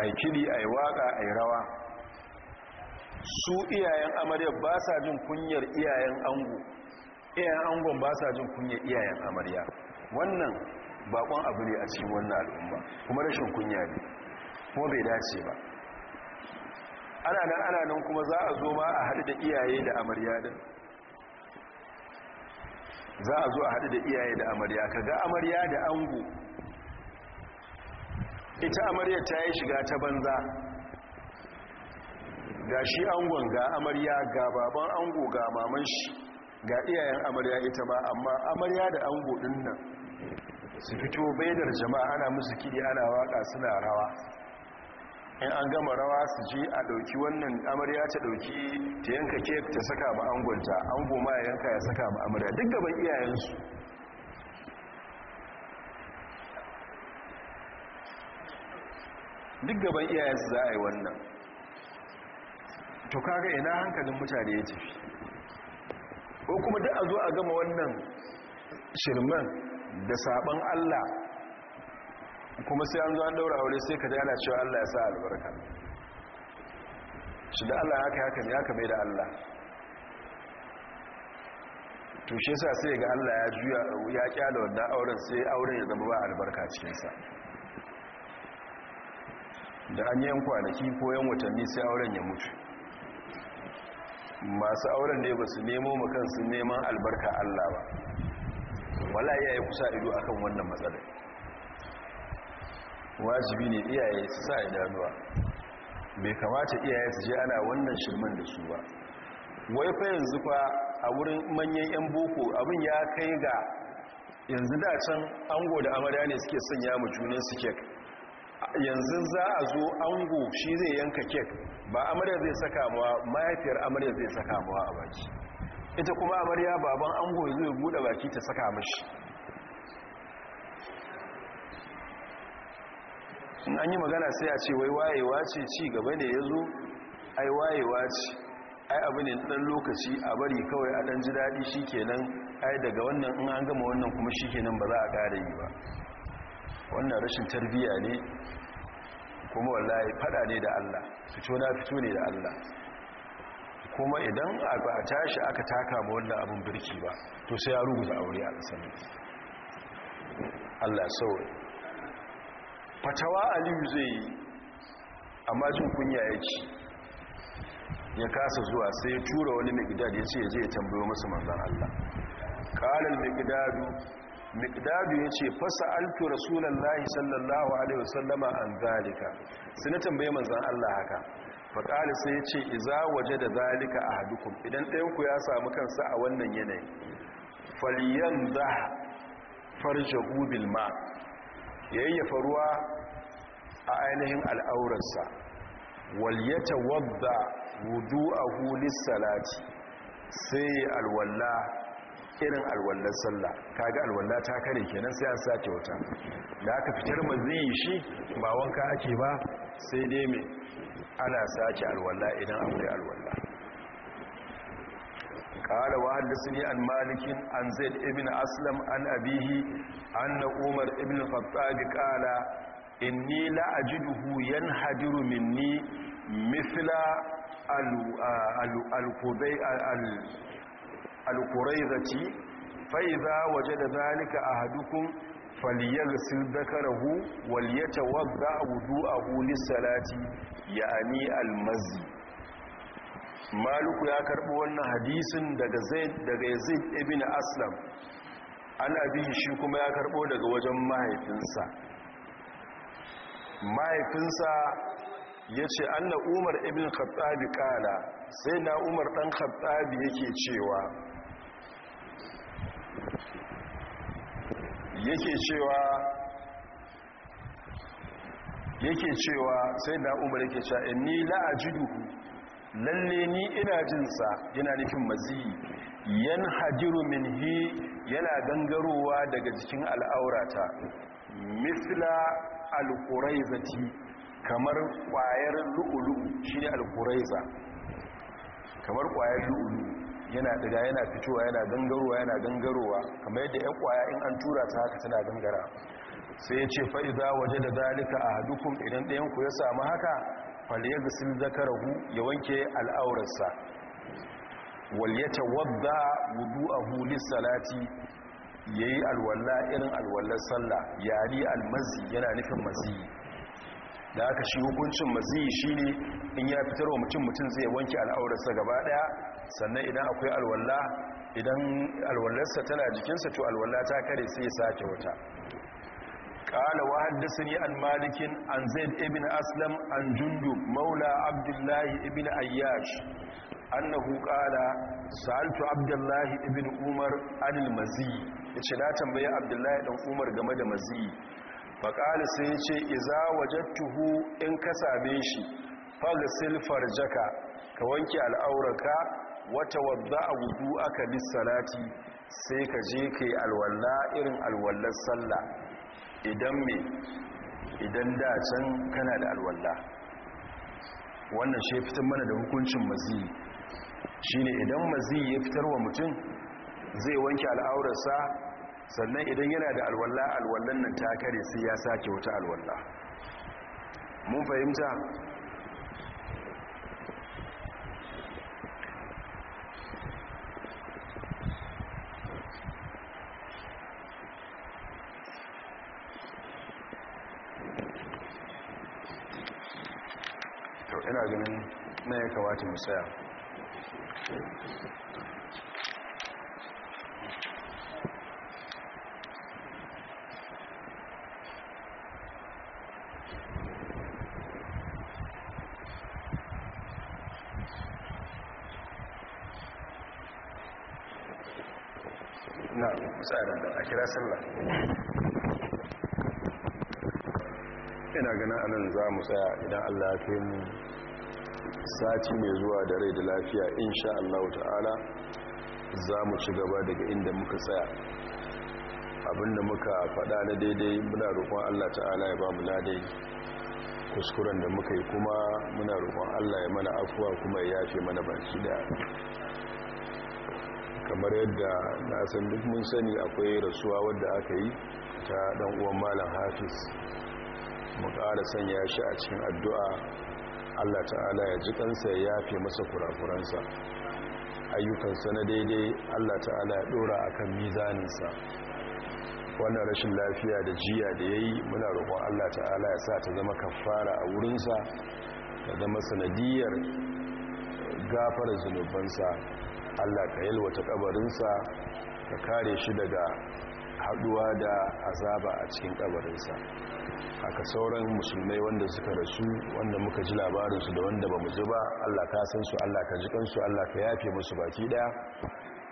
[SPEAKER 1] a yi kiri a yi waƙa a yi rawa su iyayen amarya ba sa jin kunyar iyayen ango iyayen angon ba sa jin kunya iyayen amarya wannan bakon abu ne a cikin wannan al'umma kuma rashin kunya ne kuma bai dace ba ana nan ana nan kuma za a zo ma a haɗu da iyaye da amarya din za a zo a haɗu da iyaye da amarya ka ga amarya da ango ita amarya ta yi shiga ta banza ga shi angon ga amarya ga baban ango ga maman shi ga iyayen amarya ita ba amma amarya da ango din nan su fito baidar jama'a ana musu kidi ana waka suna rawa in an gama rawa su ji a dauki wannan amarya ta dauki ta yanka kek ta saka an angonta ango ma ya yanka ya saka ba amarya duk gaban iyayensu duk gaban iyayensu za a yi wannan to kaga ina hankalin mutane ya tafi ko kuma duk a zo a gama wannan shirman da sabon Allah kuma sai an zo an daura aure sai ka ji ana cewa Allah ya sa albarka shi da Allah haka haka ne haka mai da Allah to shi yasa sai ga Allah ya juya ya kyale wannan auren sai auren ya zama ba albarka cikin sa da an yi yan kwanaki ko yan watanni sai auren ya mutu masu auren ne ba su nemo makansu neman albarka Allah ba wala ya yi kusa ido akan wannan matsalar wajibi ne iyaye su sa idanuwa bai kamata iyaye su je ana wannan shirman da su ba wai fa yanzu fa a wurin manyan yan boko abin ya kai ga yanzu da can ango da amarya ne suke sanya mu junan su yanzu za a zo ango shi zai yanka kek ba amarya zai saka mawa mahaifiyar amarya zai saka mawa a baki ita kuma amarya baban ango zai buɗe baki ta saka mashi in an yi magana sai a ce wai wayewa ce ci gaba ne ya zo ai wayewa ce ai abu ne ɗan lokaci a bari kawai a ɗan ji daɗi shi kenan ai daga wannan in an gama wannan kuma shi kenan ba za a ƙare yi ba wannan rashin tarbiya ne kuma wallahi fada ne da Allah fito na fito ne da Allah kuma idan a tashi aka taka ma wannan abin birki ba to sai ya rubuta aure a ƙasar Allah saurin. fatawa aliyu zai yi amma jin kunya ya ci ya kasa zuwa sai ya tura wani mai gida da ya ce ya je ya tambayo masu manzan Allah ƙalin mai gida miqdadu yace fa sa'altu rasulullahi sallallahu alaihi wasallama an zalika sai na tambaye manzon Allah haka fa qala sai yace waje da zalika ahadukum idan ɗayan ku ya samu kansa a wannan yanayi falyanza farjahu bil ma yayyafa faruwa a ainihin al'aurarsa wal yatawadda wudu'ahu lis salati sai alwalla irin alwallar sallah kaga alwalla ta kare kenan sai an sake wuta da aka fitar maziyi shi ba wanka ake ba sai dai mai ana sake alwalla idan akwai alwalla قال وحدثني عن مالك عن زيد ابن أسلم عن أبيه أن عمر ابن الخطاب قال إني لا أجده ينحدر مني مثل الكبيئة alkuraizaci faiza waje da zalika a hadukun faliyarsil dakarahu waliyata wadda a a hulis salati ya ami almazi maluku ya karɓi wannan hadisin daga yazid ibn aslam an shi kuma ya karɓo daga wajen mahaifinsa mahaifinsa ya ce anna umar ibn khattabi kala sai na umar dan khattabi yake cewa yake cewa yake cewa sai da umar yake cewa inni la'ajiduhu lalle ni ina jin sa, yana nufin maziyi yan hajiru hi yana gangarowa daga jikin al'aurata misla alkuraizati kamar kwayar lu'ulu shine al-quraiza kamar kwayar lu'ulu yana daga yana fitowa yana gangarowa yana gangarowa kamar yadda ‘yan kwaya in an tura ta haka tana gangara sai ya ce fa'iza waje da zalika a hadukun idan ɗayan ku ya samu haka faliyar sil ragu ya wanke al'aurarsa walyata wadda wudu a hulis salati ya yi alwallah irin alwallar sallah yari almazi yana nufin mazi da aka shi hukuncin maziyi shi ne in ya fitar wa mutum mutum zai wanke al'aurarsa gaba daya sannan idan akwai alwalla idan alwallarsa tana jikinsa to alwallah ta kare sai ya sake wata Ƙala وحدثني عن مالك an زيد ابن Aslam an جندب مولى Abdullahi الله ibn أياش أنه قال sa'altu Abdullahi الله Umar, an عن Ya yace na tambaye Abdullahi dan Umar game da mazi fa qala sai yace iza wajadtuhu in ka same shi silfar farjaka ka wanke al'auraka wata wadda a gudu aka lissalati sai ka je ka yi alwalla irin alwallar sallah idan me idan dacen kana da alwalla wannan shi fitar mana da hukuncin maziyi ne idan maziyi ya fitar wa mutum zai wanke al'aurarsa sannan idan yana da alwalla alwallan nan ta kare sai ya sake wata alwalla mun fahimta ina ganin na ya kawata musaya na tsara da a kira sallah ina ganin anan za mu tsaya idan allah ya fi mu sati mai zuwa da rai da lafiya insha Allah ta'ala za mu ci gaba daga inda muka tsaya abinda muka faɗa na daidai muna roƙon Allah ta'ala ya ba mu ladai kuskuren da muka yi kuma muna roƙon Allah ya mana afuwa kuma ya yafe mana baki da kamar yadda na san duk mun sani akwai rasuwa wadda aka yi ta ɗan uwan malam hafiz mu ƙara sanya shi a cikin addu'a Allah ta'ala ya ji kansa ya yafe masa kurakuransa ayyukansa na daidai Allah ta'ala ya dora kan mizaninsa wannan rashin lafiya da jiya da yayi muna roƙon Allah ta'ala ya sa ta zama kafara a wurinsa ta zama sanadiyar gafara zunubansa Allah ka yalwata kabarinsa ka kare shi daga haɗuwa da azaba a cikin kabarinsa haka sauran musulmai wanda suka rasu wanda muka ji labarinsu da wanda ba mu ji ba allah ka san su allah ka ji kansu allah ka yafe musu baki ɗaya.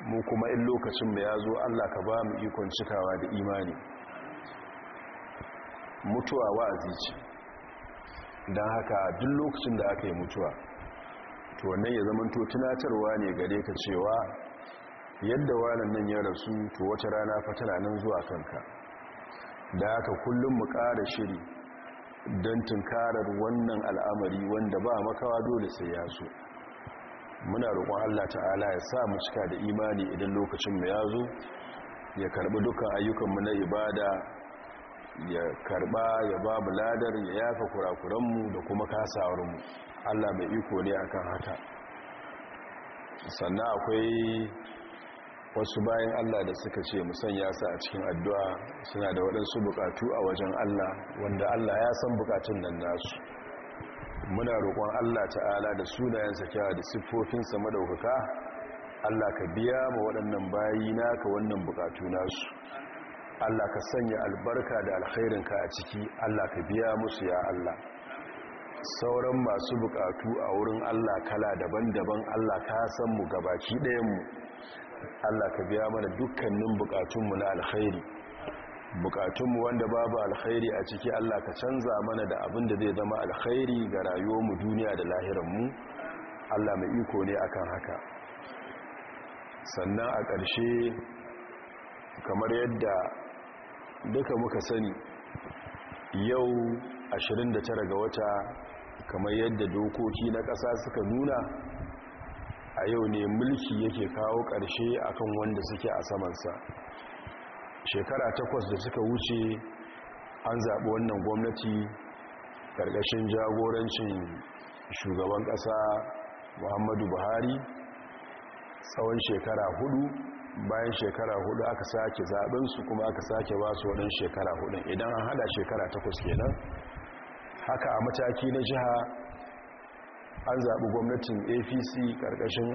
[SPEAKER 1] mu kuma in lokacin mu ya zo allah ka ba mu ikon cikawa da imani mutuwa wa'azi ce don haka duk lokacin da aka yi mutuwa to wannan ya zamanto tunatarwa ne gare ka cewa yadda wanan nan ya rasu to wata rana fatana nan zuwa kanka da haka kullum mu ƙara shiri don tunkarar wannan al'amari wanda ba makawa dole sai ya so muna roƙon Allah ta'ala ya sa mu cika da imani idan lokacin mu ya zo ya karbi dukkan mu na ibada ya karba ya babu ladar ya yafa kurakuranmu da kuma kasawarmu Allah mai iko ne akan haka sannan akwai wasu bayan Allah da suka ce musanya su a cikin addu'a suna da waɗansu bukatu a wajen Allah wanda Allah ya san bukatun nan nasu muna roƙon Allah ta'ala da sunayensa kyawa da siffofinsa madaukaka Allah ka biya ma waɗannan bayi naka wannan bukatu nasu Allah ka sanya albarka da alkhairinka a ciki Allah ka biya musu ya Allah sauran masu buƙatu a wurin Allah kala daban-daban Allah ka san mu gabaki mu. Allah ka biya mana dukkanin bukatunmu na alkhairi bukatunmu wanda babu alkhairi a ciki Allah ka canza mana da abin da zai zama alkhairi ga rayuwarmu duniya da lahiranmu Allah mai iko ne akan haka sannan a ƙarshe kamar yadda duka muka sani yau 29 ga wata kamar yadda dokoki na ƙasa suka nuna a yau ne mulki yake kawo ƙarshe akan wanda suke a samansa shekara takwas da suka wuce an zaɓi wannan gwamnati ƙarƙashin jagorancin shugaban ƙasa muhammadu buhari tsawon shekara hudu bayan shekara hudu aka sake zaɓinsu kuma aka sake ba su shekara hudu idan an hada shekara takwas kenan haka a mataki na jiha an zaɓi gwamnatin apc ƙarƙashin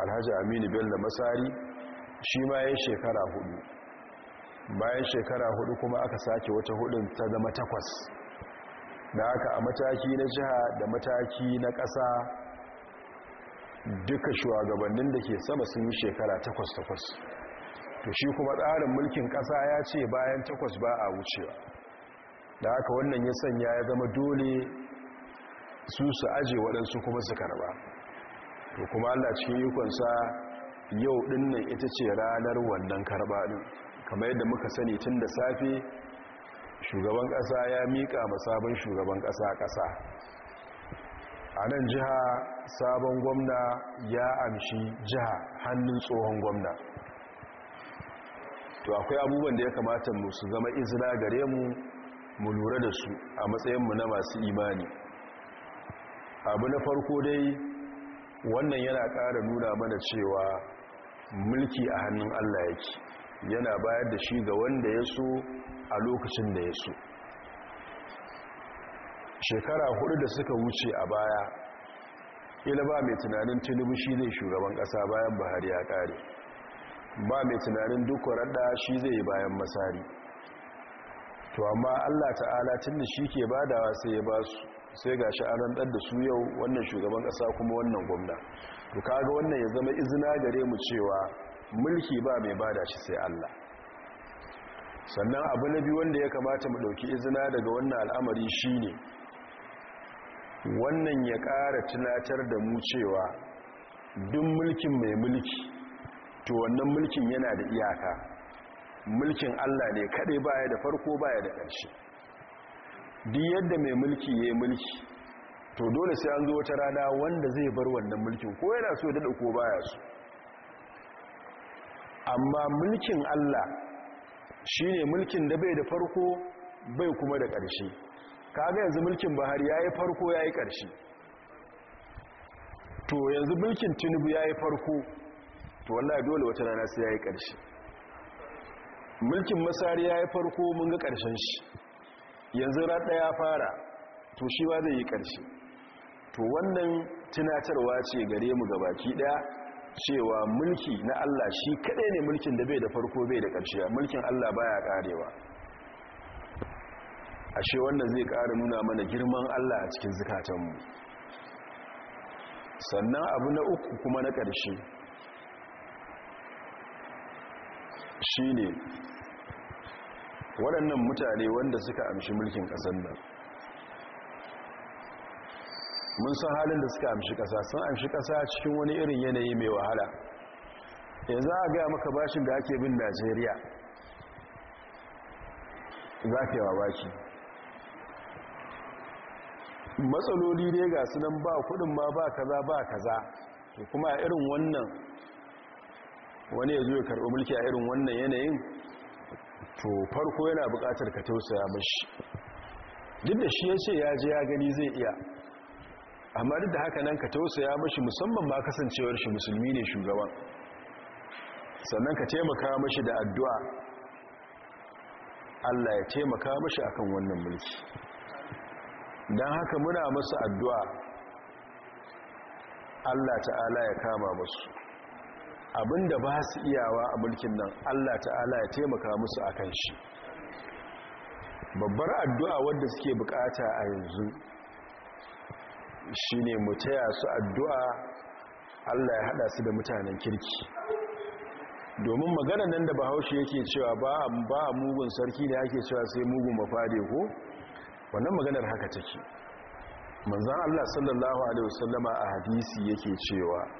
[SPEAKER 1] alhaji aminu bello masari shi ma shekara hudu bayan shekara hudu kuma aka sake wata hudun ta zama takwas da haka a mataki na jiha da mataki na ƙasa duka shugabannin da ke sama sun yi shekara takwas-takwas to shi kuma tsarin mulkin ƙasa ya ce bayan takwas ba a wucewa da haka wannan ya sanya ya zama dole su su aje waɗansu kuma su karba to kuma allah cikin ikonsa yau ɗinnan ita ce ranar wannan karba ɗin kamar yadda muka sani tun da safe shugaban ƙasa ya miƙa ma sabon shugaban ƙasa ƙasa a nan jiha sabon gwamna ya amshi jiha hannun tsohon gwamna to akwai abubuwan da ya kamata mu su zama izina gare mu mu lura da su a matsayinmu na masu imani abu na farko dai wannan yana ƙara nuna mana cewa mulki a hannun allah yake yana bayar da shi ga wanda ya so a lokacin da ya so shekara hudu da suka wuce a baya ila ba mai tunanin tilibu shi zai shugaban ƙasa bayan buhari ya ƙare ba mai tunanin duk raɗa shi zai yi bayan masari to amma allah ta'ala tun da shi ke badawa sai ya ba su sai ga shi an da su yau wannan shugaban ƙasa kuma wannan gwamna to kaga wannan ya zama izina gare mu cewa mulki ba mai bada shi sai Allah sannan abu na biyu wanda ya kamata mu ɗauki izina daga wannan al'amari shine wannan ya ƙara tunatar da mu cewa duk mulkin mai mulki to wannan mulkin yana da iyaka mulkin Allah ne kaɗai baya da farko baya da ƙarshe duk yadda mai mulki ya yi mulki to dole sai an zo wata rana wanda zai bar wannan mulkin ko yana so da ko baya so amma mulkin Allah shi ne mulkin da bai da farko bai kuma da ƙarshe kaga yanzu mulkin Buhari yi farko ya yi ƙarshe to yanzu mulkin Tinubu yi farko to wallahi dole wata rana sai ya yi ƙarshe mulkin Masari yi farko mun ga ƙarshen shi yanzu raɗa ya fara to shi ba zai yi ƙarshe to wannan tunatarwa ce gare mu ga baki ɗaya cewa mulki na Allah shi kadai ne mulkin da bai da farko bai da ƙarshe mulkin Allah baya ƙarewa ashe wannan zai ƙara nuna mana girman Allah a cikin mu sannan abu na uku kuma na ƙarshe shine waɗannan mutane wanda suka amshi mulkin ƙasar nan mun san halin da suka amshi ƙasa sun amshi ƙasa cikin wani irin yanayi mai wahala yanzu a gaya maka bashin da ake bin najeriya za ka yi matsaloli ne ga su nan ba kudin ma ba kaza ba kaza kuma a irin wannan wani ya zo ya karɓi mulki a irin wannan yanayin to farko yana bukatar ka tausaya mashi duk da shi ya ce ya ji ya gani zai iya amma duk da haka nan ka tausaya mashi musamman ma kasancewar shi musulmi ne shugaban sannan ka taimaka mashi da addu'a Allah ya taimaka mashi akan wannan mulki dan haka muna masa addu'a Allah ta'ala ya kama masu abinda ba su iyawa a mulkin nan Allah ta'ala ya taimaka musu a kan shi babbar addu'a wadda suke bukata a yanzu shine mu mutaya su addu'a Allah ya hada su da mutanen kirki domin magana nan da bahaushe yake cewa ba a mugun sarki ne ake cewa sai mugun mafade ko wannan maganar haka take manzon Allah sallallahu alaihi wasallama a hadisi yake cewa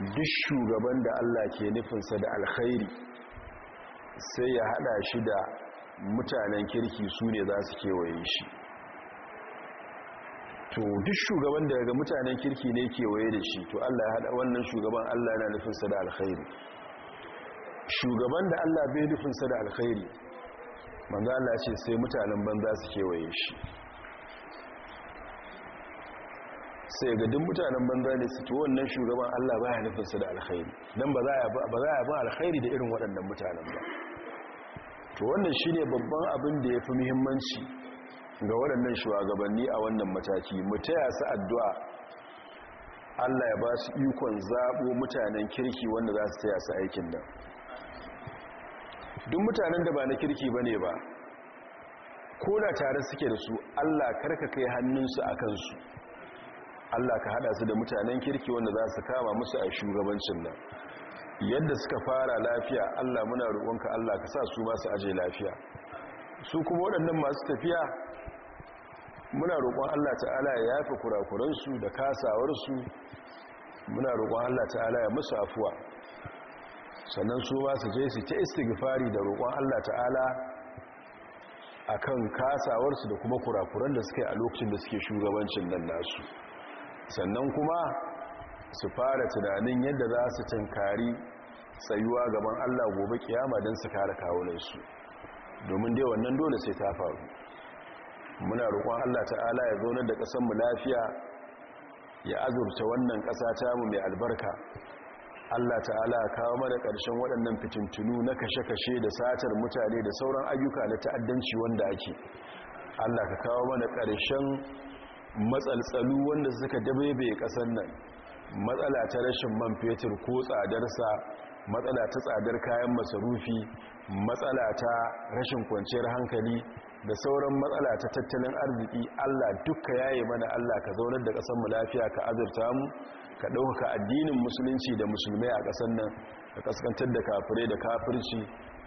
[SPEAKER 1] duk shugaban da Allah ke nufinsa da alkhairi sai ya hada shi da mutanen kirki su ne za su kewaye shi to duk shugaban da daga mutanen kirki ne kewaye da shi to Allah ya hada wannan shugaban Allah yana nufinsa da alkhairi shugaban da Allah bai nufinsa da alkhairi manzo Allah ce sai mutanen banza su kewaye shi sai ga duk mutanen banza ne su wanan nan shugaban Allah baya nufin su da alkhairi don ba za yi ba alkhairi da irin waɗannan mutanen ba to wannan shine babban abin da ya fi muhimmanci ga waɗannan shugabanni a wannan mataki mu taya su addu'a Allah ya ba su ikon zaɓo mutanen kirki wanda za su taya su aikin nan duk mutanen da ba na kirki ba ne ba ko da tare suke da su Allah karka kai hannunsu a kansu Allah ka hada su da mutanen kirki wanda za su kama musu a shugabancin nan yadda suka fara lafiya Allah muna roƙonka Allah ka sa su masu aje lafiya su kuma waɗannan masu tafiya muna roƙon Allah ta'ala ya yafe kurakuransu da kasawarsu muna roƙon Allah ta'ala ya musu afuwa sannan su ba su je su ta istighfari da roƙon Allah ta'ala akan kasawarsu da kuma kurakuran da suka yi a lokacin da suke shugabancin nan nasu sannan kuma su fara tunanin yadda za su tunkari tsayuwa gaban Allah gobe kiyama don su kare kawunansu domin dai wannan dole sai ta faru muna roƙon Allah ta'ala ya zaunar da ƙasarmu lafiya ya azurta wannan ƙasa mu mai albarka Allah ta'ala kawo mana ƙarshen waɗannan fitintunu na kashe-kashe da satar mutane da sauran ayyuka na ta'addanci wanda ake Allah ka kawo mana ƙarshen matsaltsalu wanda suka dabebe ƙasar nan matsala ta rashin man fetur ko tsadarsa matsala ta tsadar kayan masarufi matsala ta rashin kwanciyar hankali da sauran matsala ta tattalin arziki Allah dukka yaye mana Allah ka zaunar da ƙasar mu lafiya ka azurta mu ka ɗaukaka addinin musulunci da musulmai a ƙasar nan ka kaskantar da kafire da kafirci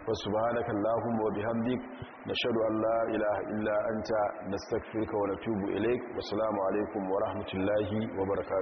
[SPEAKER 1] wa subhanaka allahumma wa bihamdik nashhadu allah ilaha illa anta nastaghfiruka wa tubu ilaik wa assalamu alaikum wa rahmatullahi wa barakatuh